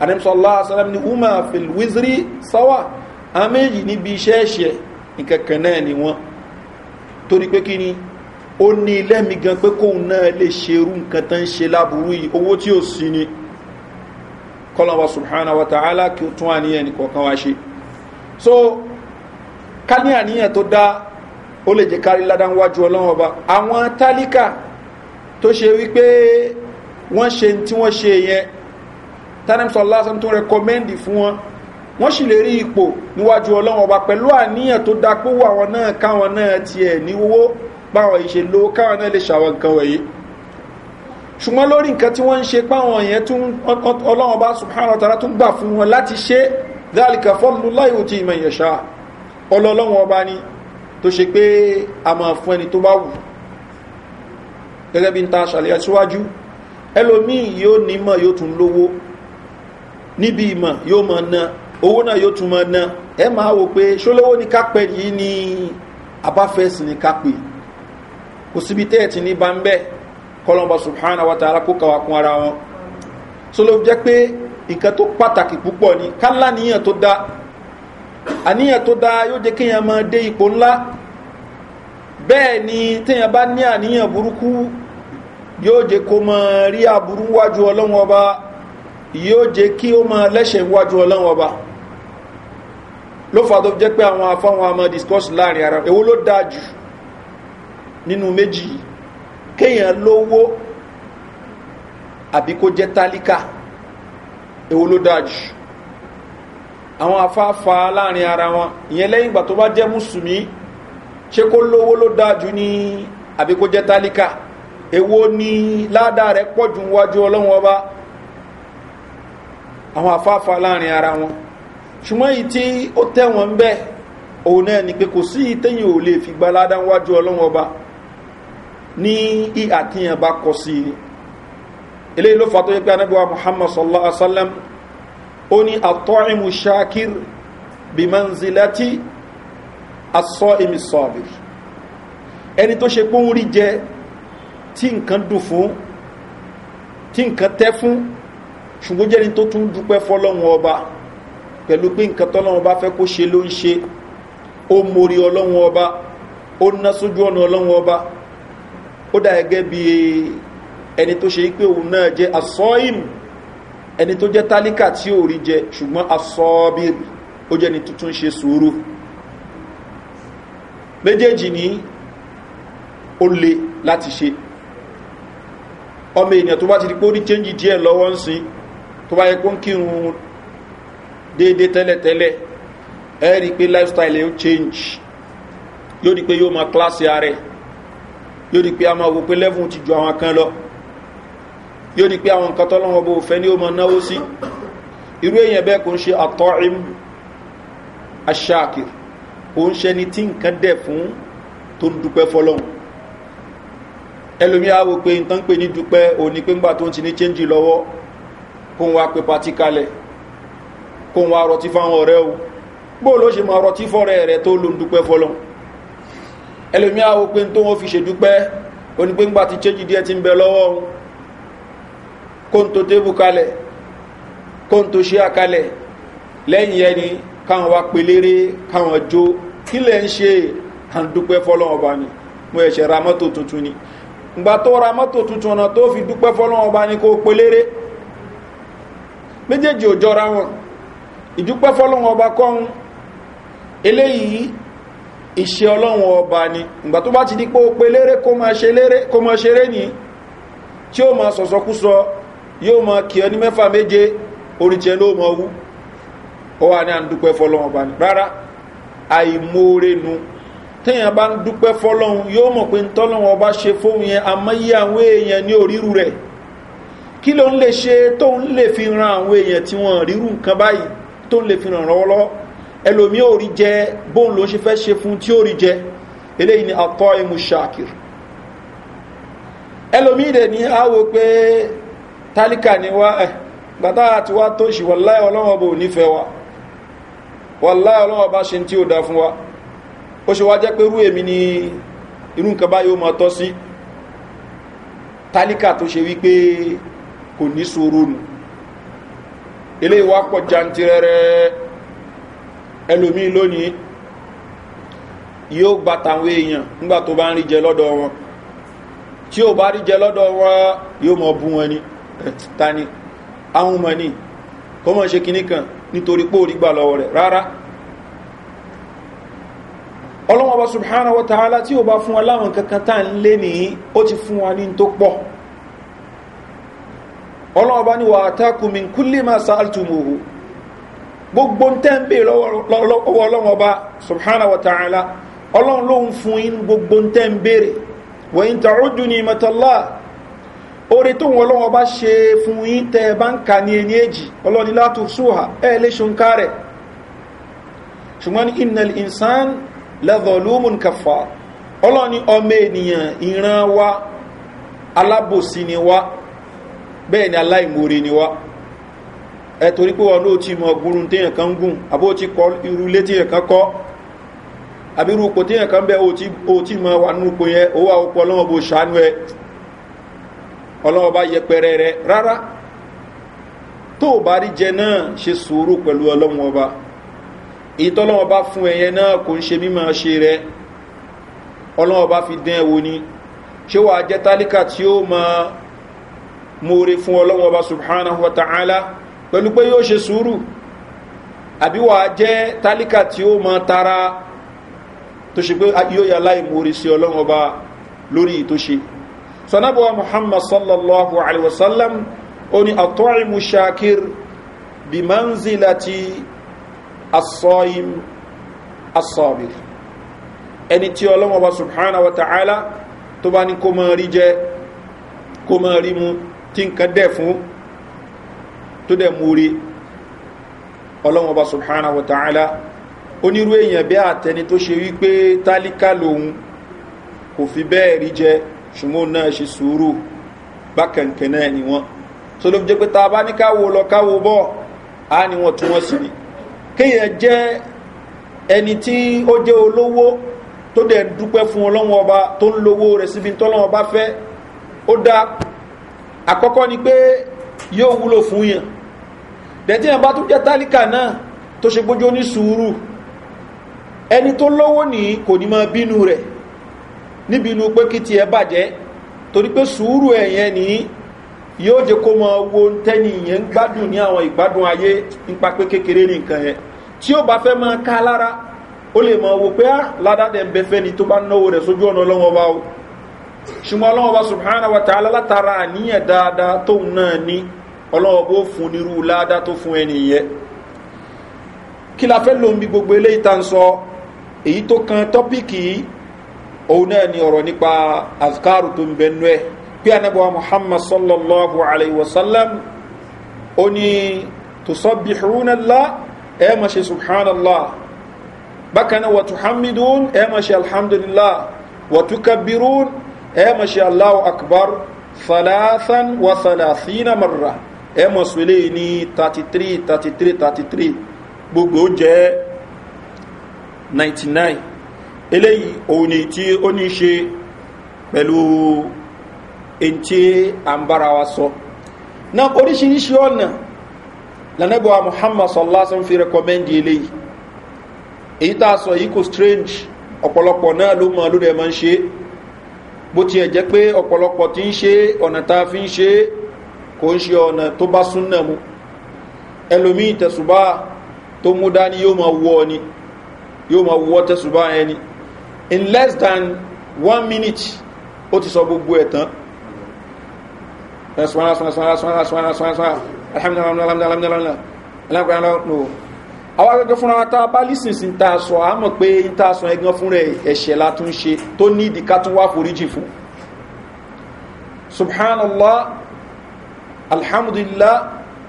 anamsọ́lá asalam ni uma fil wizri sawa améjì níbi iṣẹ́ ẹ̀ṣẹ̀ nkankan náà ni wọ́n torí pé kí ni ó ní lẹ́mi gan pé kóun náà lè ṣerú nǹkan tán ṣe láburú yìí owó tí ó sí ni kọ́lọ́wà subhanahu wa ta'ala kí ó tún wà ní ẹnì wá ṣe so ká ní àníyàn tó dá ó lè jẹ́ kárí ládáwájú ọlọ́run ọba àwọn tálíkà tó ṣe wípé wọ́n ṣe tí wọ́n ṣe yẹn tánimsọ lásán tó rẹkọmẹ́ndì fún wọn wọ́n sì lè rí ipò níwájú ọlọ́run ọba pẹ̀lú àníyàn tó dá pówó àwọn náà káwọn náà tiẹ̀ níwó báwọn ìṣèlò káwọn náà lè ṣàwọn nǹkan wọ̀nyí ṣùgbọ́n lórí nǹkan tí wọ́n ń ṣe páwọn èèyàn tún ọlọ́run ọba subhanahu wa ta'ala tún gbà fún wọn láti ṣe dhalika fọ́lùláyò tí ìmọ̀ ìyẹ̀ṣà ọlọ́lọ́wọ́n ọba ni tó ṣe pé a máa fún ẹni tó bá wù gẹ́gẹ́ bí n ta ṣàlẹ̀ síwájú ẹlòmíì yóò nímọ̀ yóò tún lówó níbi ìmọ̀ yóò mọ̀ na owó náà yóò tún mọ̀ na ẹ máa wò pé ṣólówó ní kápẹ́ yìí ni abáfẹ́sì ní kápẹ́ kò síbi tẹ́ ẹ̀ ti ní bá ń bẹ́ kọlọ́mbà subhanahu wa ta'ala kó kàwá kún ara wọn so jẹ́ pé nǹkan tó pàtàkì púpọ̀ ni ká láníyàn tó dáa àníyàn tó dáa yóò jẹ́ kéèyàn máa dé ipò ńlá bẹ́ẹ̀ ni téèyàn bá ní àníyàn burúkú yóò jẹ́ kó máa rí aburú wájú ọlọ́run ọba yóò jẹ́ kí ó máa lẹ́ṣẹ̀ wájú ọlọ́run ọba ló fà tó jẹ́ pé àwọn afáwọn àmọ́ discuss láàrin ara èwo ló dáa jù nínú méjì kéèyàn lówó àbí kó jẹ́ tálíkà èwo ló dáa jù àwọn afáfà láàrin ara wọn ìyẹn lẹ́yìn ìgbà tó bá jẹ́ mùsùlùmí ṣé kó lówó ló dájú ní àbí kó jẹ́ tálíkà èwo ni ládàá rẹ̀ pọ̀jù wájú ọlọ́run ọba àwọn afáfà láàrin ara wọn ṣùgbọ́n èyí tí ó tẹ̀wọ̀n bẹ́ òun náà ni pé kò sí ìtẹ́yìn ò lè fi gba ládáwájú ọlọ́run ọba ní ìhà tíyàn bá kọ sí i eléyìí ló fà tó yẹ pé anábíwá muhammad sallallahu alaihi wa sallam ó ní àtọ́ìmù ṣakir bí manzilati asọ́ imi sọ́bìr ẹni tó ṣe pún rí jẹ tí nǹkan dùn fún tí nǹkan tẹ́ fún ṣùgbọ́n jẹ́ni tó tún dúpẹ́ fọ́lọ́run ọba pẹ̀lú pé nǹkan tọ́lọ́run ọba fẹ́ kó ṣe ló ń ṣe ó mórí ọlọ́run ọba ó ná sójú ọ̀nà ọlọ́run ọba ó dà gẹ́gẹ́ bí ẹni tó ṣe pé òun náà jẹ́ asọ́ìmù ẹni tó jẹ́ tálíkà tí ò rí jẹ ṣùgbọ́n asọ́bìrì ó jẹ́ ni tuntun ṣe sùúrù méjèèjì ní ó le láti ṣe ọmọ ènìyàn tó bá ti di pé ó ní chéńjì díẹ̀ lọ́wọ́ ń sin tó bá yẹ kó ń kírun déédéé tẹ́lẹ̀tẹ́lẹ̀ ẹ rí pé lifestyle yóò change yóò di pé yóò máa kíláàsì ààrẹ yóò di pé a máa wò pé lẹ́fún ti ju àwọn kan lọ yóò di pé àwọn nǹkan tọ́lọ́wọ́ bó fẹ́ ní ó mọ náwó sí irú èyàn bẹ́ẹ̀ kò ń ṣe àtọ́rìm aṣáàkì kò ń ṣe ni tí nǹkan dẹ̀ fún tó ń dúpẹ́ fọlọ́hun ẹlòmíà wò pé nǹkan pè ní dúpẹ́ òní pé ńgbà tó ń ti ní chéńjì lọ́wọ́ kó wá pé patí kalẹ̀ kó wá rọtí fáwọn ọ̀rẹ́ o bó ló ṣe máa rọtí fọ́rẹ́ rẹ̀ tó ló ń dúpẹ́ fọlọ́hun ẹlòmíà wò pé tó wọ́n fi ṣèdúpẹ́ òní pé ńgbà ti chéńjì díẹ̀ ti ń bẹ lọ́wọ́ kóńtò tébù kalẹ̀ kóńtò ṣíà kalẹ̀ lẹ́yìn ẹni ni káwọn wá pelére káwọn jó kí lẹ́ ń ṣe ni mo ẹ̀ṣẹ̀ ra mọ́tò ni ìgbà ra mọ́tò tuntun tó fi dúpẹ́ ni kó pelére méjèèjì kọ́hún eléyìí ìṣe ọlọ́run ọba ni ìgbà tó bá léré yóò mọ kí ọ ní mẹ́fà méje oríṣẹ́ ló mọ wú ó wà ní à ń dúpẹ́ fọlọ́wọ́n bá ní rárá àìmóorenu téèyàn bá ń dúpẹ́ yóò pé ọba ṣe fóun yẹn àmọ́yé àwọn èèyàn ní òríru rẹ̀ kí ló ń lè ṣe tó ń lè fi ran àwọn èèyàn tí wọ́n nǹkan báyìí tó ń lè fi ràn ṣe fẹ́ ṣe fún tí jẹ talika ni wa eh gbadaat wa toshi wallahi olowo bo ni fe wa wallahi olowo ba se nti o da fun o se wa je ru emi ni iru ba yo ma to si talika to se wi ko ni soro nu ele wa po jantirere elomi loni yóò gba tàwọn èèyàn n'gbato tó bá ń rí jẹ lọ́dọ̀ o tí ò bá rí jẹ lọ́dọ̀ wọn yóò mọ bú tani àwọn ọmọ ní kọ́ mọ̀ ṣe kìíní kan nítorí pé orí gbà lọ́wọ́ rẹ̀ rárá ọlọ́wọ́ bá subhana wa ta'ala tí ó bá fún aláwọn kankan tá ń lé nìyí ó ti fún wa ní tó pọ̀ ọlọ́wọ́ bá ní wà tákùmí kúlé máa sa gbogbo tẹ́ ń bè lọ́wọ́ orí tó wọn lọ́wọ́ bá ṣe fún yín tẹ́ bá ń kà ní ẹni èjì ọlọ́ni látò ṣúhà ẹ̀ lè ṣunká rẹ̀ ṣùgbọ́n ní inal insan lẹ́dọ̀lúmùn kẹfà ọlọ́ni ọmọ ènìyàn ìran wa alábòsí ni wa bẹ́ẹ̀ ni ni wa ẹ torí pé wọn ló ti ti kọ irú ilé téèyàn kan téèyàn kan bẹ́ẹ̀ ó ti mọ wà nínú yẹn ó wà ó pọ̀ lọ́wọ́ bó ṣàánú ọlọ́wọ́ bá yẹpẹrẹ rẹ rárá tó o bá rí jẹ náà ṣe sùúrù pẹ̀lú ọlọ́wọ́ ọba ìtọ́lọ́wọ́ bá fún ẹ̀yẹ náà kò ń ṣe mímọ̀ ṣe rẹ ọlọ́wọ́ bá fi dán ẹ̀wò ni ṣé wàá jẹ́ tálíkà tí ó mọ mòore fún ọlọ́wọ́ ọba subhanahu wa ta'ala pẹ̀lú pé yóò ṣe sùúrù àbí wàá jẹ́ tálíkà tí ó mọ tara tó ṣe pé yóò yà láì mòore sí ọlọ́wọ́ ọba lórí ìtòṣe sọ̀nàbọ̀ muhammad sallallahu alaihi wasallam ó ní àtọ́ìmù shakir bí manzilati asọ́im asọ́bir ẹni tí ọlọ́mọba subhanahu wa ta'ala tó bá ní kó mọ̀ rí jẹ kó mọ̀ rí mu tí nǹkan dẹ̀ fún tó dẹ̀ múrí ọlọ́mọba subhanahu wa ta'ala onírú èèyàn bí àtẹni tó ṣe wípé tálíkà lòun kò fi bẹ́ẹ̀ rí jẹ́ ṣùgbọ́n náà ṣe sùúrù bákẹ̀ǹkẹ̀ náà ni wọ́n tó ló jẹ́ pé ta bá ní káwo lọ káwo bọ́ á ní wọ́n tún wọ́n sí ni kéèyàn jẹ́ ẹni tí ó jẹ́ olówó tó dẹ̀ dúpẹ́ fún ọlọ́wọ́n ọba tó ń lowó rẹ̀ síbi tọ́lọ́wọ́n ọba fẹ́ ó dá àkọ́kọ́ ni pé yóò wúlò fún yàn dẹ̀tí yàn bá tún jẹ́ tálíkà náà tó ṣe gbójú ní sùúrù ẹni tó lówó nìyí kò ní máa bínú rẹ̀ níbi inú pé kí ti ẹ bàjẹ́ torí pé sùúrù ẹ̀yẹn ni yóò jẹ́ kó mọ owó tẹ́ni ìyẹn ń gbádùn ní àwọn ìgbádùn ayé nípa pé kékeré ní nǹkan yẹn tí ó bá fẹ́ máa ká lára ó lè mọ owó pé á ah, ládàdẹ̀ ń bẹ ni tó bá náwó rẹ̀ sójú ọ̀nà ọlọ́wọ́ bá o ṣùgbọ́n ọlọ́wọ́ bá subhana wa ta'ala látara àníyàn dáadáa tóun náà ní ọlọ́wọ́ bó fún nírú ládá tó fún ẹni yẹn kí la fẹ́ gbogbo eléyìí tá ń sọ èyí tó òun náà ni ọ̀rọ̀ nípa azkaru tó ń bẹnu ẹ̀ pé anábọ̀wá muhammad sallallahu alayhi wa sallam ó ní tusabbihunallah ẹ ma ṣe subhanallah bákan náà wa tuhamidun ẹ ma ṣe alhamdulillah wa tukabbirun ẹ ma ṣe allahu akbar thalathan wa thalathina marra ẹ ma sọ eléyìí ní 33 33 33 gbogbo jẹ́ 99 eléyìí òun ni tí ó ní ṣe pẹ̀lú èyí tí a ń bára sọ náà oríṣiríṣi ọ̀nà lànàbíwá muhammad sallásán fi rẹkọmẹ́ndì eléyìí èyí tá a sọ yìí kò strange ọ̀pọ̀lọpọ̀ náà ló mọ̀ lórí ẹ̀mọ́ ń ṣe bó ti ẹ̀jẹ́ pé ọ̀pọ̀lọpọ̀ ti ń ṣe ọ̀nà tá a fi ń ṣe kò ń ṣe ọ̀nà tó bá súnnà mu ẹlòmíì tẹ̀sùbá tó mú dání yóò máa wọ́ ni yóò máa wọ́ tẹ̀sùbá ẹni in less than one minute ó ti sọ gbogbo ẹ̀ tán àwọn akẹ́kẹ́ fúnra wa tá a bá lísìnsì ń ta sọ a mọ̀ pé ń ta sọ ẹgbẹ́ fúnra ẹ̀ṣẹ̀ la tún ṣe tó ní ìdíká tún wá foríjì fún subhanallah alhamdulillah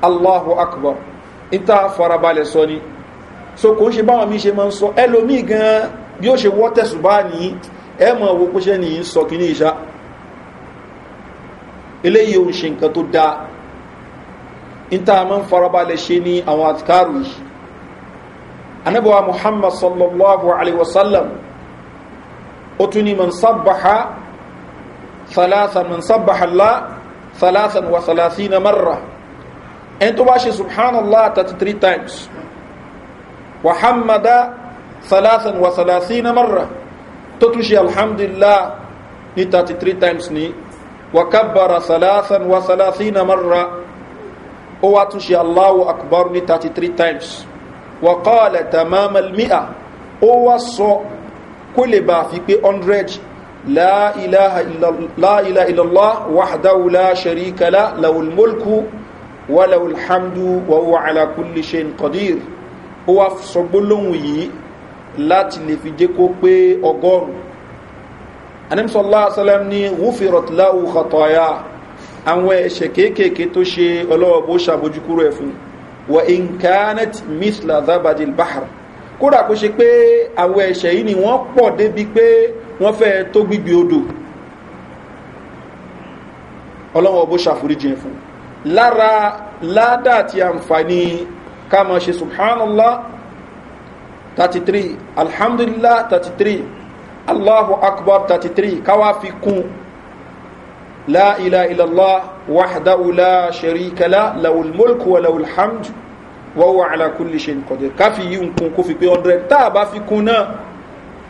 allahu akbar ń ta farabalẹ̀ sọ ni so kò ń ṣe báwọn mi ṣe máa ń sọ ẹlòmíì gan-an bí ó ṣe wọ́ tẹ̀sùbá ní ẹmọ̀ owó pẹ́ṣẹ́ ní sọ kì ní ìṣá eléyìí ò ń ṣe nǹkan tó dáa níta máa ń farabalẹ̀ ṣe ní àwọn àtikáàrù yìí anábọ̀wá muhammad sallallahu alaihi wasallam ó tún ní mansabaha salasan mansabaha salasan wa salasina marra ẹni tó bá ṣe subhanallah 33 times wa hamada salasan wa salasina marra tó tún ṣe alhamdulillah ní 33 times ní wa kabbara salasan wa salasina marra ó wá tún allahu akbar ní 33 times wa qala tamam almi'a ó wá sọ kó lè bá fi pé 100 la ilaha illallah لا la sharika la lawul mulku wa lawul hamdu wa huwa ala kulli shay'in qadir ó wá sọ gbólóhùn yìí láti lè fi jẹ́ kó pé ọgọ́rùn anamsọ́lá asálẹ́m ní wúfìrọ̀tìláwù kọ̀tọ̀ọ̀yà àwọn ẹ̀ṣẹ̀ kéékèèké tó ṣe ọlọ́wọ́ bó ṣàbójúkúrò ẹ̀ fún wà incarnate mithla zabadil bahar kódà kó ṣe pé àwọn ẹ̀ṣẹ̀ yìí ni wọ́n pọ̀ débi pé wọ́n fẹ́ tó gbígbì odò ọlọ́wọ́ bó ṣàforíjì lára ládà àti àǹfààní ká mọ̀ ṣe subhanallah 33 alhamdulillah 33 allahu akbar 33 káwá fi kún la ilaha illallah wahdahu la sharika la lawul mulku wa lawul hamdu wa huwa ala kulli shay'in qadir ká fi yí nkun kó fi pé 100 tá a bá fi kún náà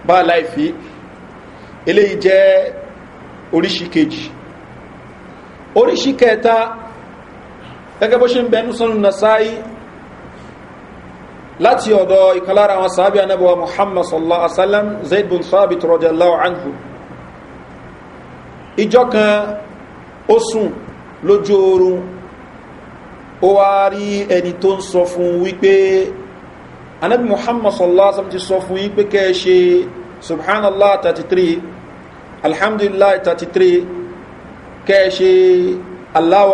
bá láìfi eléyìí jẹ́ oríṣi kejì oríṣi kẹta gẹ́gẹ́ bó ṣe ń bẹnu sọ́nù nasáyìí láti ọ̀dọ̀ ìkàlára àwọn sàábí anábọ̀wà muhammad sallallahu alaihi wasallam zaid bin sábit rọ̀dẹ̀láwọ̀ anhu ìjọ kan ó sùn lójú oorun ó wá rí ẹni tó ń sọ fún wípé anábì muhammad sallallahu alaihi wasallam ti sọ fún wípé kẹ́ ṣe subhanallah 33 alhamdulillah 33 kẹ́ ṣe allahu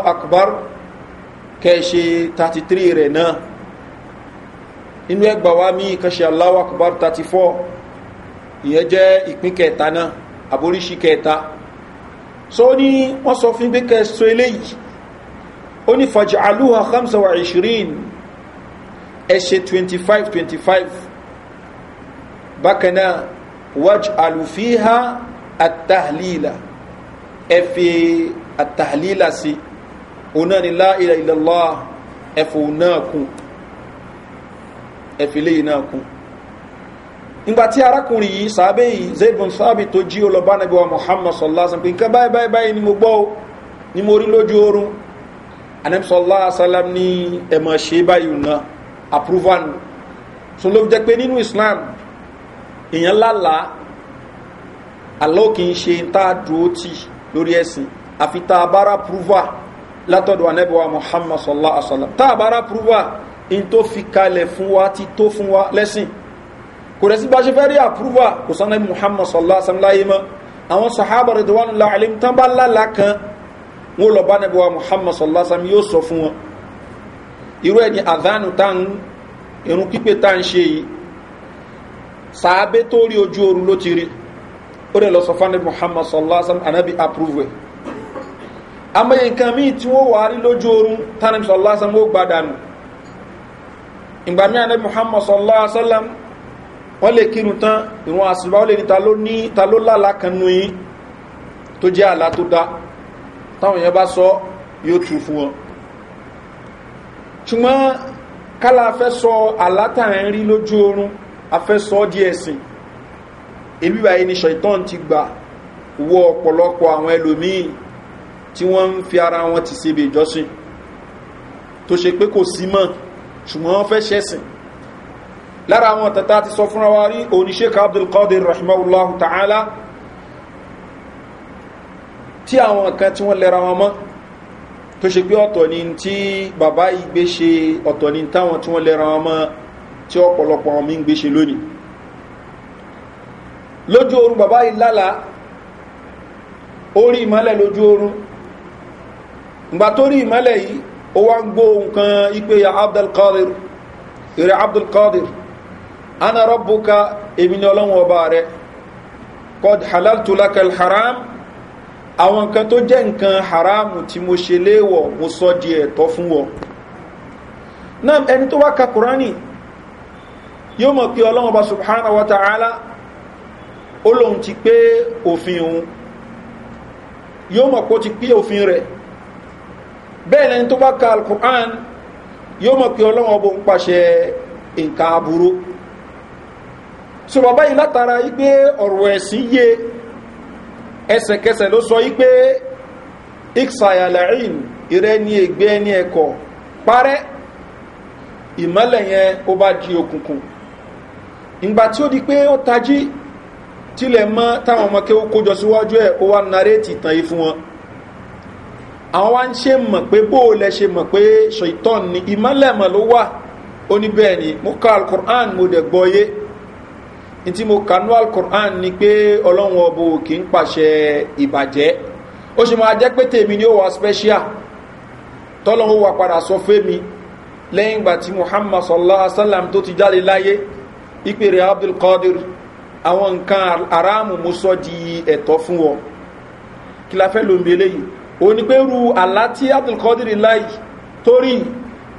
inú ẹgbà wa mí ìkànṣe aláwà kùbárù 34 ìyẹn jẹ́ ìpín kẹta náà àboríṣi kẹta so ó ní wọ́n sọ fún gbé kẹsọ eléyìí ó ní fàjì alúhà 25 ẹ̀ṣẹ̀ 25 25 bákanáà wàj alùfíhà àtàlílà ẹ̀fẹ̀ àtàlílà sí onáni láìlà ìlàlá ẹ̀fọ̀ náà kùn ẹ̀fìlẹ̀ yìí náà kún nígbà tí arákùnrin yìí sàábé yìí zaidun sábì tó jí ó lọ bá nàbí wa muhammad sallallahu pé nǹkan báyìí báyìí báyìí ni mo gbọ́ ni mo rí lójú oorun anabi sallallahu alaihi wasallam ní ẹ̀mọ̀ ṣe báyìí náà approval so ló jẹ́ pé nínú islam èèyàn lálàá àlọ́ kì í ṣe tá a dúró tì lórí ẹ̀sìn àfi tá a bára approval látọ̀dọ̀ anabi tá a bára approval in tó fi kalẹ̀ fún wa ti tó fún wa lẹ́sìn kò rẹ̀ sí bá ṣe fẹ́ rí àpúrúwà kò sánà muhammad sallallahu alaihi láyé mọ́ àwọn sahaba rẹ̀ wà nílá alim tán bá lálá kan wọ́n lọ bá nẹ́bí wa muhammad sallallahu alaihi yóò sọ fún wọn irú ẹni àdánù tá ń irun pípé tá ń ṣe yìí sàábé tó rí ojú oorun ló ti rí ó rẹ̀ lọ sọ fún muhammad sallallahu alaihi approve ẹ̀ àmọ́ míì tí wọ́n wà á rí lójú oorun tánàbí sallallahu alaihi ó gbádànù ìgbà mí ànábì muhammad sallallahu alaihi wa sallam wọ́n lè kírun tán ìrún àsìbá ó lè ní ta ló ní ta ló lálàá kan nu yín tó jẹ́ àlá tó dá táwọn èèyàn bá sọ yóò tù fún wọn ṣùgbọ́n kálá fẹ́ sọ àlá tá à ń rí lójú oorun afẹ́ sọ díẹ̀ sìn ebi báyìí ni ṣètọ́n ti gbà wọ ọ̀pọ̀lọpọ̀ àwọn ẹlòmíì tí wọ́n ń fi ara wọn ti ṣe ibè ìjọsìn tó ṣe pé kò sí ṣùgbọ́n wọ́n fẹ́ ṣẹ̀sìn lára àwọn tàtà ti sọ fúnra wa rí oníṣẹ́k abdulkadir rahimahullahu ta'ala tí àwọn kan tí wọ́n lẹ́ra wọn mọ́ tó ṣe pé ọ̀tọ̀ ni tí bàbá ìgbé ṣe ọ̀tọ̀ ni táwọn tí wọ́n lẹ́ra wọn mọ́ tí ọ̀pọ̀lọpọ̀ wọn mi ń gbé ṣe lónìí lójú oorun bàbá ìlàlá orí ìmọ́lẹ̀ lójú oorun ìgbà tó rí ìmọ́lẹ̀ yìí ó wá ń gbó nǹkan ipé ya abdulkadir ìrẹ abdulkadir ana rọ́bùka èmi ni ọlọ́wọ́n ọba rẹ kọ́d halaltulakal haram àwọn nǹkan tó jẹ́ nǹkan haramu tí mo ṣe léèwọ̀ mo sọ di ẹ̀tọ́ fún wọ náà ẹni tó wá ka kùránì yóò mọ̀ pé ọlọ́wọ́n ọba subhanahu wa ta'ala ó ti pé òfin òun yóò mọ̀ pé ti pé òfin rẹ̀ bẹ́ẹ̀ tó bá ka alukur'an yóò mọ̀ pé ọlọ́run ọbọ̀ ń pàṣẹ aburú látara ẹ̀sìn yé ẹsẹ̀kẹsẹ̀ ló sọ yí pé iksayalain ní ègbé ẹni ẹ̀kọ́ parẹ́ ìmọ́lẹ̀ yẹn ó bá di ìgbà tí ó di pé ó tají tilẹ̀ mọ́ táwọn ọmọ kójọ síwájú ẹ̀ ó àwọn wá ń ṣe mọ̀ pé bó o lẹ ṣe mọ̀ pé ṣèitán ni ìmọ̀lẹ́mọ̀ ló wà ó ní bẹ́ẹ̀ ni mo ka alukur'an mo dẹ̀ gbọ́ yé ní tí mo ka nú alukur'an ni pé ọlọ́run ọbọ kì í pàṣẹ ìbàjẹ́ ó ṣe máa jẹ́ pé tèmi ni ó wà special tọ́lọ́run wà padà sọ fẹ́mi lẹ́yìn ìgbà tí muhammad sallallahu alaihi wasallam tó ti jáde láyé ìpèrè abdulkadir àwọn nǹkan aráàmù mo sọ di ẹ̀tọ́ fún wọn kí la fẹ́ lóun eléyìí onípẹ́rù aláti abdulkadir láì torí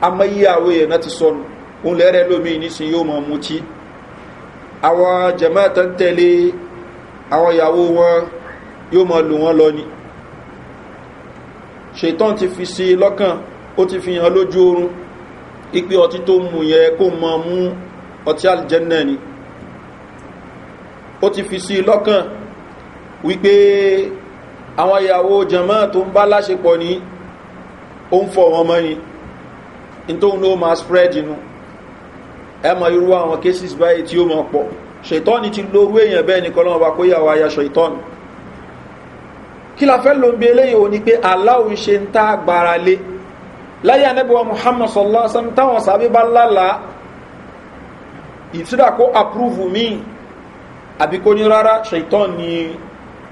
amáyé àwọn èèyàn náà ti sọnù òun lẹ́rẹ̀ lómi nísìn yóò mọ̀ mú tí àwọn jẹ̀mọ́ tó ń tẹ̀lé àwọn ìyàwó wọn yóò mọ̀ lù wọ́n lọ ni ṣetán ti fi sí lọ́kàn ó ti fi hàn lójú oorun ipe ọtí tó mú yẹ kó mọ̀ mú ọtí alìjẹ́nà ni ó ti fi sí lọ́kàn wípé àwọn ìyàwó jẹmọ́ tó ń bá láṣepọ̀ ní ó ń fọ wọn mọ́ ni in tó ń ló máa spread inú ẹmọ irú àwọn cases báyìí tí ó mọ̀ pọ̀ ṣètọ́ni ti lórú èèyàn bẹ́ẹ̀ ní kọlọ́mọba kó yàwó aya ṣètọ́ni la fẹ́ ló muhammad sallam táwọn sábẹ́ bá lálàá approve mi àbí kó ní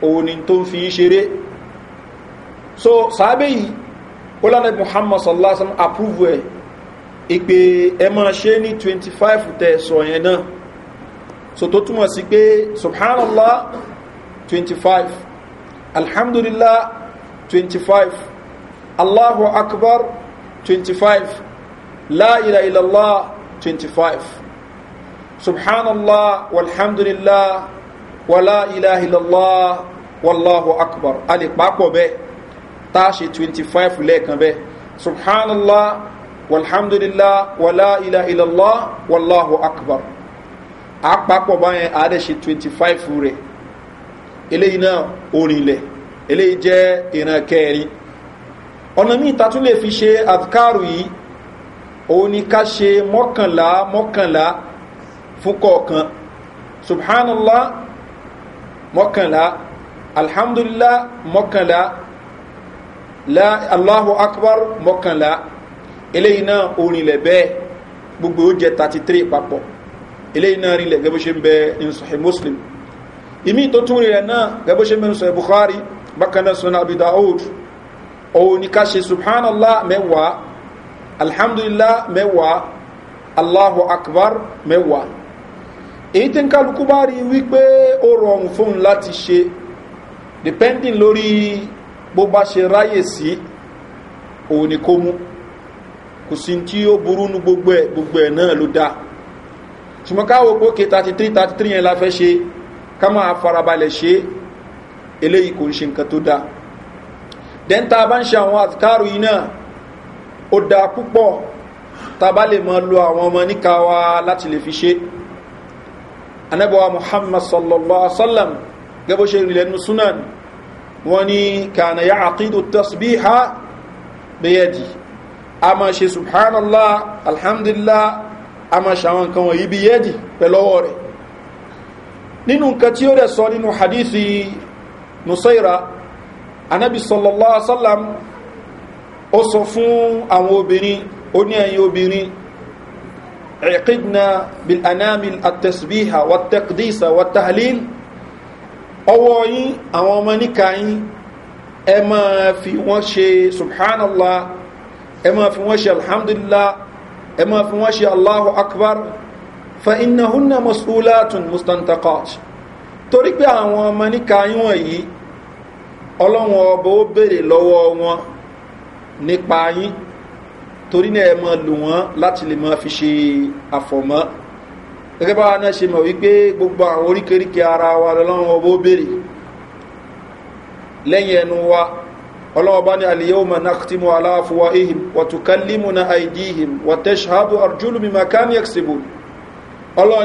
òun ni tó ń fi ṣeré so sàábẹ́ yìí ó lánàá muhammad sallallahu alaihi wasallam approve ẹ̀ ìpè ẹ máa ṣe ní 25 tẹ̀ sọ yẹn náà so tó túmọ̀ sí pé subhanallah 25 alhamdulillah 25 allahu akbar 25 la ilaha illallah 25 subhanallah walhamdulillah wàlá ìlàhìlọ́lá wàláhù akbar a lè pápọ̀ bẹ́ẹ̀ tá a ṣe 25 lẹ́ẹ̀kan bẹ́ẹ̀ subhanallah walhamdulillah wàlá ìlàhìlọ́lá wàláhù akbar a pápọ̀ báyẹn a lè ṣe 25 rẹ̀ eléyìí náà orinlẹ̀ eléyìí jẹ́ ìran kẹrin ọ̀nà míì ta tún lè fi ṣe àdìkárù yìí òun ni ká ṣe mọ́kànlá mọ́kànlá fún kọ̀ọ̀kan subhanallah mọ́kànlá alhamdulillah mọ́kànlá allahu akbar mọ́kànlá eléyìí náà orin ilẹ̀ bẹ́ẹ̀ gbogbo ó jẹ 33 papọ̀ eléyìí náà rí ilẹ̀ gẹ́bó ṣe ń bẹ in sọ̀hẹ́ muslim ìmí tó tún rí rẹ̀ náà gẹ́bó ṣe ń bẹ in sọ̀hẹ́ bukhari bákanáà sọ̀nà abu daoud òun ni subhanallah mẹ́wàá alhamdulillah mẹ́wàá allahu akbar mẹ́wàá èyí tí ń kálukú bá rí wípé ó rọrùn fún láti ṣe depending lórí bó bá ṣe ráyè sí òun ni kó mú kò sí tí ó burú ní gbogbo ẹ̀ gbogbo ẹ̀ náà ló dáa ṣùgbọ́n káwọ́ pé ókè 33 33 yẹn la fẹ́ ṣe ká máa farabalẹ̀ ṣe eléyìí kò ń ṣe nǹkan tó dáa dẹ́ntà bá ń ṣe àwọn àtikárù yìí náà ó dáa púpọ̀ tá a bá lè mọ lo àwọn ọmọ níkàwá láti lè fi ṣe é anabawa muhammad sallallahu alaihi wasallam gẹ́bọ́ ṣe rí lẹ́nu sunan wọ́n ni kàna ya àkídù tasbíha bẹ́yẹ̀dì a ma ṣe subhanallah alhamdulillah a ma ṣàwọn kan wọ̀nyí bẹ́yẹ̀dì pẹ̀lọ́wọ́ rẹ̀ nínú nǹkan tí ó rẹ̀ sọ nínú hadithi nusaira anabi sallallahu alaihi wasallam ó sọ fún àwọn obìnrin ó ní ẹ̀yin obìnrin اعقدنا بالانامل التسبيح والتقديس والتهليل ọwọ́ yín àwọn ọmọ níka yín ẹ máa fi wọ́n ṣe subhanallah ẹ máa fi wọ́n ṣe alhamdulillah ẹ máa fi wọ́n ṣe allahu akbar fa iná húnna masulatun mustantaqat torí pé àwọn ọmọ níka yín wọ̀nyí ọlọ́wọ́n ọba ó béèrè lọ́wọ́ wọn nípa yín torí náà ẹ mọ lò wọ́n láti lè mọ fi ṣe àfọ̀mọ́ gẹ́gẹ́ bá náà ṣe mọ̀ wípé gbogbo àwọn oríkèríkè ara wa lọ́wọ́ bó béèrè lẹ́yìn ẹnu wa ọlọ́wọ́ bá ní àlèyéwòmà náà tí mo aláàfọwà ihim wàtúkálímù na àìdíhìm wàtẹ́ṣàbù arjúlùmí makaniaxibò ọlọ́wọ́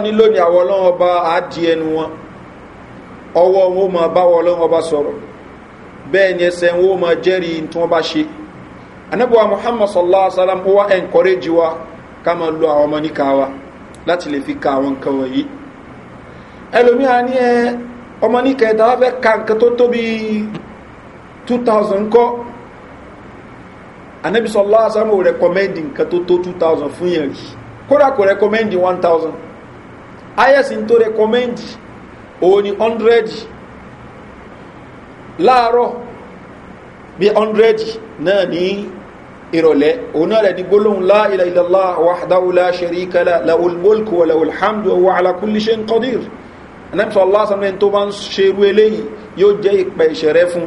ní anabuwa muhammad sallallahu alaihi wasallam ó wá encourage wa ká máa lo àwọn ọmọ níka wa láti lè fi ka àwọn nǹkan wọ̀nyí ẹlòmí a ní ẹ ọmọ níka ẹ̀dá wá fẹ́ ka nǹkan tó tóbi 2000 kọ́ anabi sallallahu alaihi wasallam ò recommend nǹkan tó tó 2000 fún yẹn rí kódà kò recommend 1000 ayẹ́sìn tó recommend òun ni 100 láàárọ̀ bí 100 náà ní ìrọ̀lẹ́ òun náà rẹ̀ ní gbólóhùn láìlà ìlàlá wàhdáwùlá ṣeríkàlá làwùlmọ́lùkù wà làwùlhámdù wà alákùnlẹ́ṣẹ́ ń kọ́dìr anẹ́mtọ́ aláàsánlẹ̀ tó bá ń ṣe irú eléyìí yóò jẹ́ ìpẹ̀ ìṣẹ̀rẹ́ fún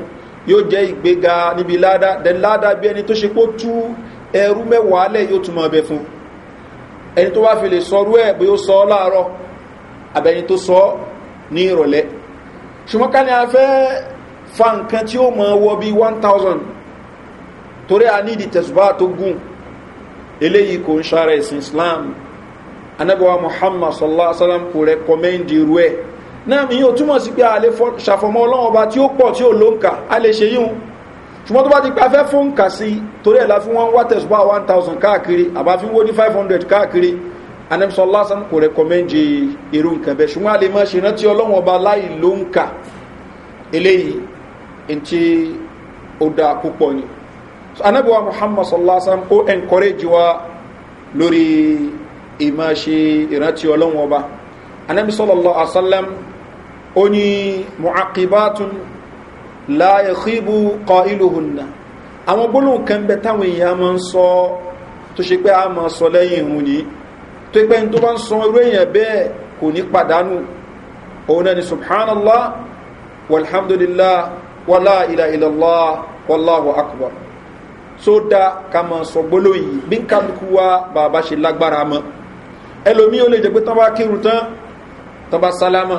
yóò jẹ́ ìgbéga níbi ládá den ládá bí ẹni tó ṣe pó tú ẹrú mẹ́wàá lẹ̀ yóò túnmọ̀ ọbẹ̀ fún ẹni tó bá fi lè sọrú ẹ̀ bí ó sọ ọ́ láàárọ̀ àbẹ̀ni tó sọ ní ìrọ̀lẹ́ ṣùgbọ́n ká ní a fẹ́ fa nǹkan tí ó mọ̀ wọ bí 1000 torí a di tẹ̀sùbá tó gùn eléyìí kò ń ṣàrẹ ìsìn islam anábíwá muhammad sallallahu alaihi wasallam kò rẹkọmẹ́ndì irú ẹ̀ náà mi yóò túmọ̀ sí pé a lè ṣàfọmọ́ ọlọ́wọ́ bá tí ó pọ̀ tí ó ló ń kà á lè ṣe yíhun ṣùgbọ́n tó bá ti pàfẹ́ fún kà sí torí ẹ̀lá fún wọn wá tẹ̀sùbá 1000 káàkiri àbá fi wó ní 500 káàkiri anẹ́bísọ́lá sàn kò rẹkọmẹ́ndì irú nǹkan bẹ́ ṣùgbọ́n a lè máa ṣe so anabi wa muhammad sallallahu alaihi wasallam ó encourage wa lórí ìmá ṣe ìrántí ọlọ́wọ́ ọba anabi sallallahu alaihi wasallam ó ní mu'aqibatun la yakhibu qailuhunna àwọn gbólóhùn kan bẹ táwọn èèyàn máa ń sọ tó ṣe pé a máa sọ lẹ́yìn ìhun ni tó pé tó bá ń sọ irú èèyàn bẹ́ẹ̀ kò ní pàdánù òun ni subhanallah walhamdulillah wala ilaha illallah wallahu akbar tó da ká mọ sọ gbólóhùn yìí bí kálukú wa bàbá ṣe lágbára mọ ẹlòmíì ó lè jẹ pé tán bá kírun tán tán bá sálámà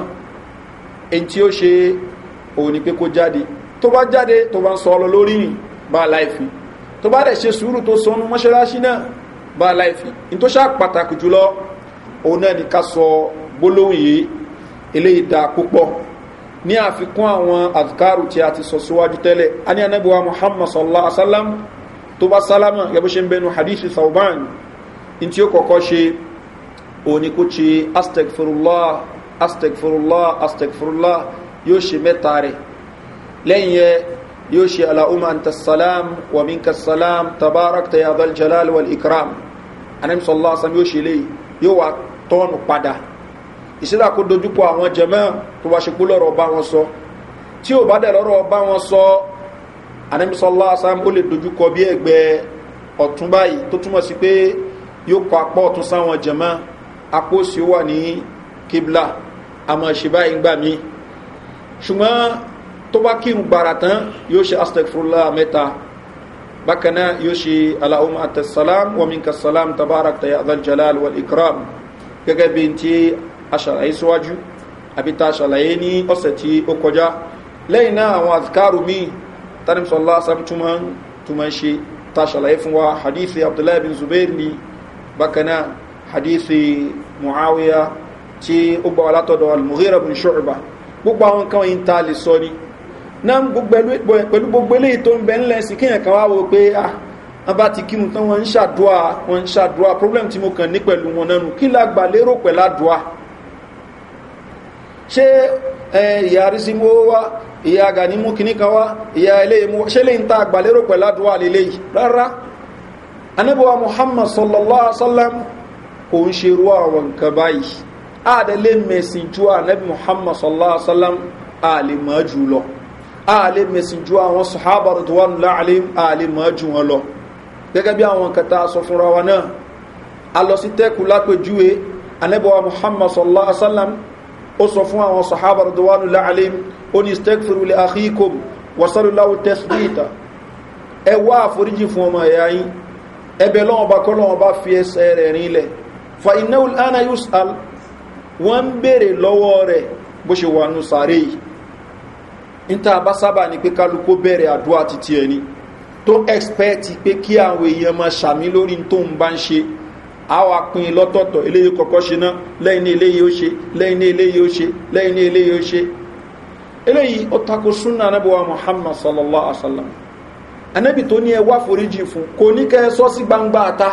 èyí tí ó ṣe òun ni pé kó jáde tó bá jáde tó bá ń sọ ọlọ lórí yìn bá láìfi tó bá dẹ̀ ṣe sùúrù tó sọnù mọ́ṣáláṣí náà bá láìfi ní tó ṣáà pàtàkì jùlọ òun náà ni ká sọ gbólóhùn yìí eléyìí dáa púpọ̀ ní àfikún àwọn àdùkárù tí a ti sọ síwájú tẹ́lẹ̀ a ní anábíwá muhammad sallallahu alaihi wasallam tó bá sálámà gẹ́bó ṣe ń bẹnu hadithi sauban in tí ó kọ̀kọ́ ṣe òní kó ṣe astagfirullah astagfirullah astagfirullah yóò ṣe mẹ́ta rẹ̀ lẹ́yìn yẹ yóò ṣe aláhùmá anta salam wa minka salam tabarak ta yadal jalal wal ikram anam sallallahu alaihi wasallam yóò ṣe léyìí yóò wá tọ́ọ̀nù padà ìṣẹ́dá kó dojúkọ àwọn jẹ́mẹ́ tó wá ṣe pé lọ́rọ̀ bá wọn sọ tí ò bá dẹ̀ lọ́rọ̀ bá wọn sọ anamisọ́lá asam ó lè dojú kọ bí ẹgbẹ́ ọ̀tún báyìí tó túmọ̀ sí pé yóò kọ apá ọ̀tún sáwọn jẹ̀mọ́ apó sì wà ní kibla àmọ́ ṣe báyìí ń gbà mí ṣùgbọ́n tó bá kírun gbàrà tán yóò ṣe astagfurullah mẹ́ta bákan náà yóò ṣe aláhùnmá àtẹ̀sálàm wàmínkà sálàm tabarak tayyadal ikram gẹ́gẹ́ bí n ti aṣàlàyé síwájú àbí ta aṣàlàyé ní ọ̀sẹ̀ tí ó kọjá lẹ́yìn náà àwọn àzikáàrù míì tánimsọ lásán túnmọ̀ ṣe tàṣàlàyé fún wa hadithi abdullahi bin zubair ni bákaná hadithi muawiya tí ó gbà wà látọ̀dọ̀ al-mughira bin shu'ba gbogbo àwọn kan yìí ta lè sọ ni náà pẹ̀lú gbogbo eléyìí tó ń bẹ ńlẹ̀ sí kíyàn kan wá wo pé ah wọ́n bá ti kírun tán wọ́n ń ṣàdúà wọ́n ń ṣàdúà problem tí mo kàn ní pẹ̀lú wọn nánu kí lágbà lérò pẹ̀lú ṣé ìyá arísímú ó wá ìyá agànímú kìníkan wá ìyá iléyìmú ṣé lè ń ta àgbàlérò pẹ̀ládùwà lélẹ́yìí rárá anábíwá muhammad sallallahu alaihi wasallam kò ń ṣe ruwa àwọn nǹkan báyìí àdẹ́lé mẹ̀sìn ju ànábì muhammad sallallahu alaihi wasallam àlè mọ́ jù lọ àlè mẹ̀sìn ju àwọn sàhábà rẹ̀dùwánù láàrín àlè a lọ sí tẹ́kù lápẹjúwe anábíwá muhammad sallallahu alaihi wasallam ó sọ fún àwọn sahaba rọ̀dọ̀wánu láàrín ó ní stekfuru lè àkíkòm wasaluláwò tẹ́sílítà ẹ wá àforíjì fún ọmọ ẹ̀yà yín ẹbẹ̀ lọ́wọ́ bá kọ́ lọ́wọ́ bá fi ẹsẹ̀ rẹ̀ rinlẹ̀ fa ináwó ana yus al wọ́n ń bèèrè lọ́wọ́ rẹ̀ bó ṣe wà nù sàárè yìí níta bá sábà ní pé kálukó bẹ̀rẹ̀ àdúrà títí ẹni tó expect pé kí àwọn èèyàn máa ṣàmì lórí tó ń bá ń ṣe a wá pin lọ́tọ̀ọ̀tọ̀ eléyìí kọ̀kọ́ ṣe ná lẹ́yìn ní eléyìí ó ṣe lẹ́yìn ní eléyìí ó ṣe lẹ́yìn ní eléyìí ó ṣe eléyìí ó súnà muhammad sallallahu alaihi wa sallam anábì tó ní ẹ wá foríjì fún kò ní kẹ́ sọ sí gbangba ata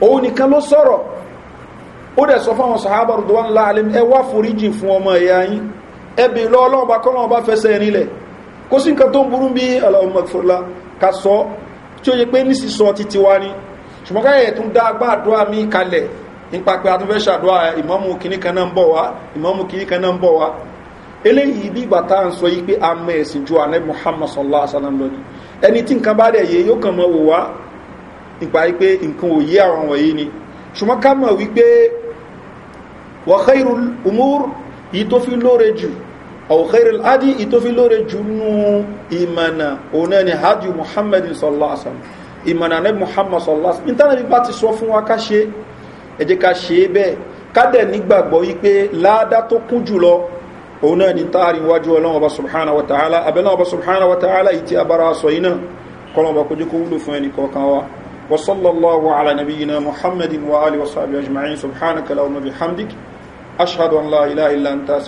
òun nìkan ló sọ̀rọ̀ ó dẹ̀ sọ fáwọn sàhábà rùdùwà ńlá alẹ́m ẹ wá foríjì fún ọmọ ẹ̀yà yín ẹbí lọ ọlọ́ọ̀bá kọ́lọ́ọ̀ bá fẹsẹ̀ ṣùgbọ́n káyẹ̀ tún dá agbáàdúrà mí kalẹ̀ nípa pé atúnfẹ́ ṣàdúrà ìmọ̀mù kìíní kan náà ń bọ̀ wá ìmọ̀mù kìíní kan náà ń bọ̀ wá eléyìí bí ìgbà tá à ń sọ yí pé a mọ ẹ̀sìn ju àlẹ́ muhammad sallallahu alaihi wa sallam lọ́dún ẹni tí nǹkan bá dẹ̀ yé yóò kàn mọ́ wò wá nípa yí pé nǹkan ò àwọn wọ̀nyí ni ṣùgbọ́n ká mọ̀ wípé wàhẹ́rù umur ìmọ̀nà anabi muhammad sallallahu alaihi wasallam ìtànàbí bá ti sọ fún wa ká ṣe ẹ jẹ́ ká ṣe é bẹ́ẹ̀ ká dẹ̀ nígbàgbọ́ wípé láàdá tó kún jùlọ òun náà ni táàrí wájú ọlọ́wọ́ bá subhanahu wa ta'ala abẹ́lọ́wọ́ bá subhanahu wa ta'ala ìtì abára sọ yìí náà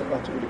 kọlọ̀bà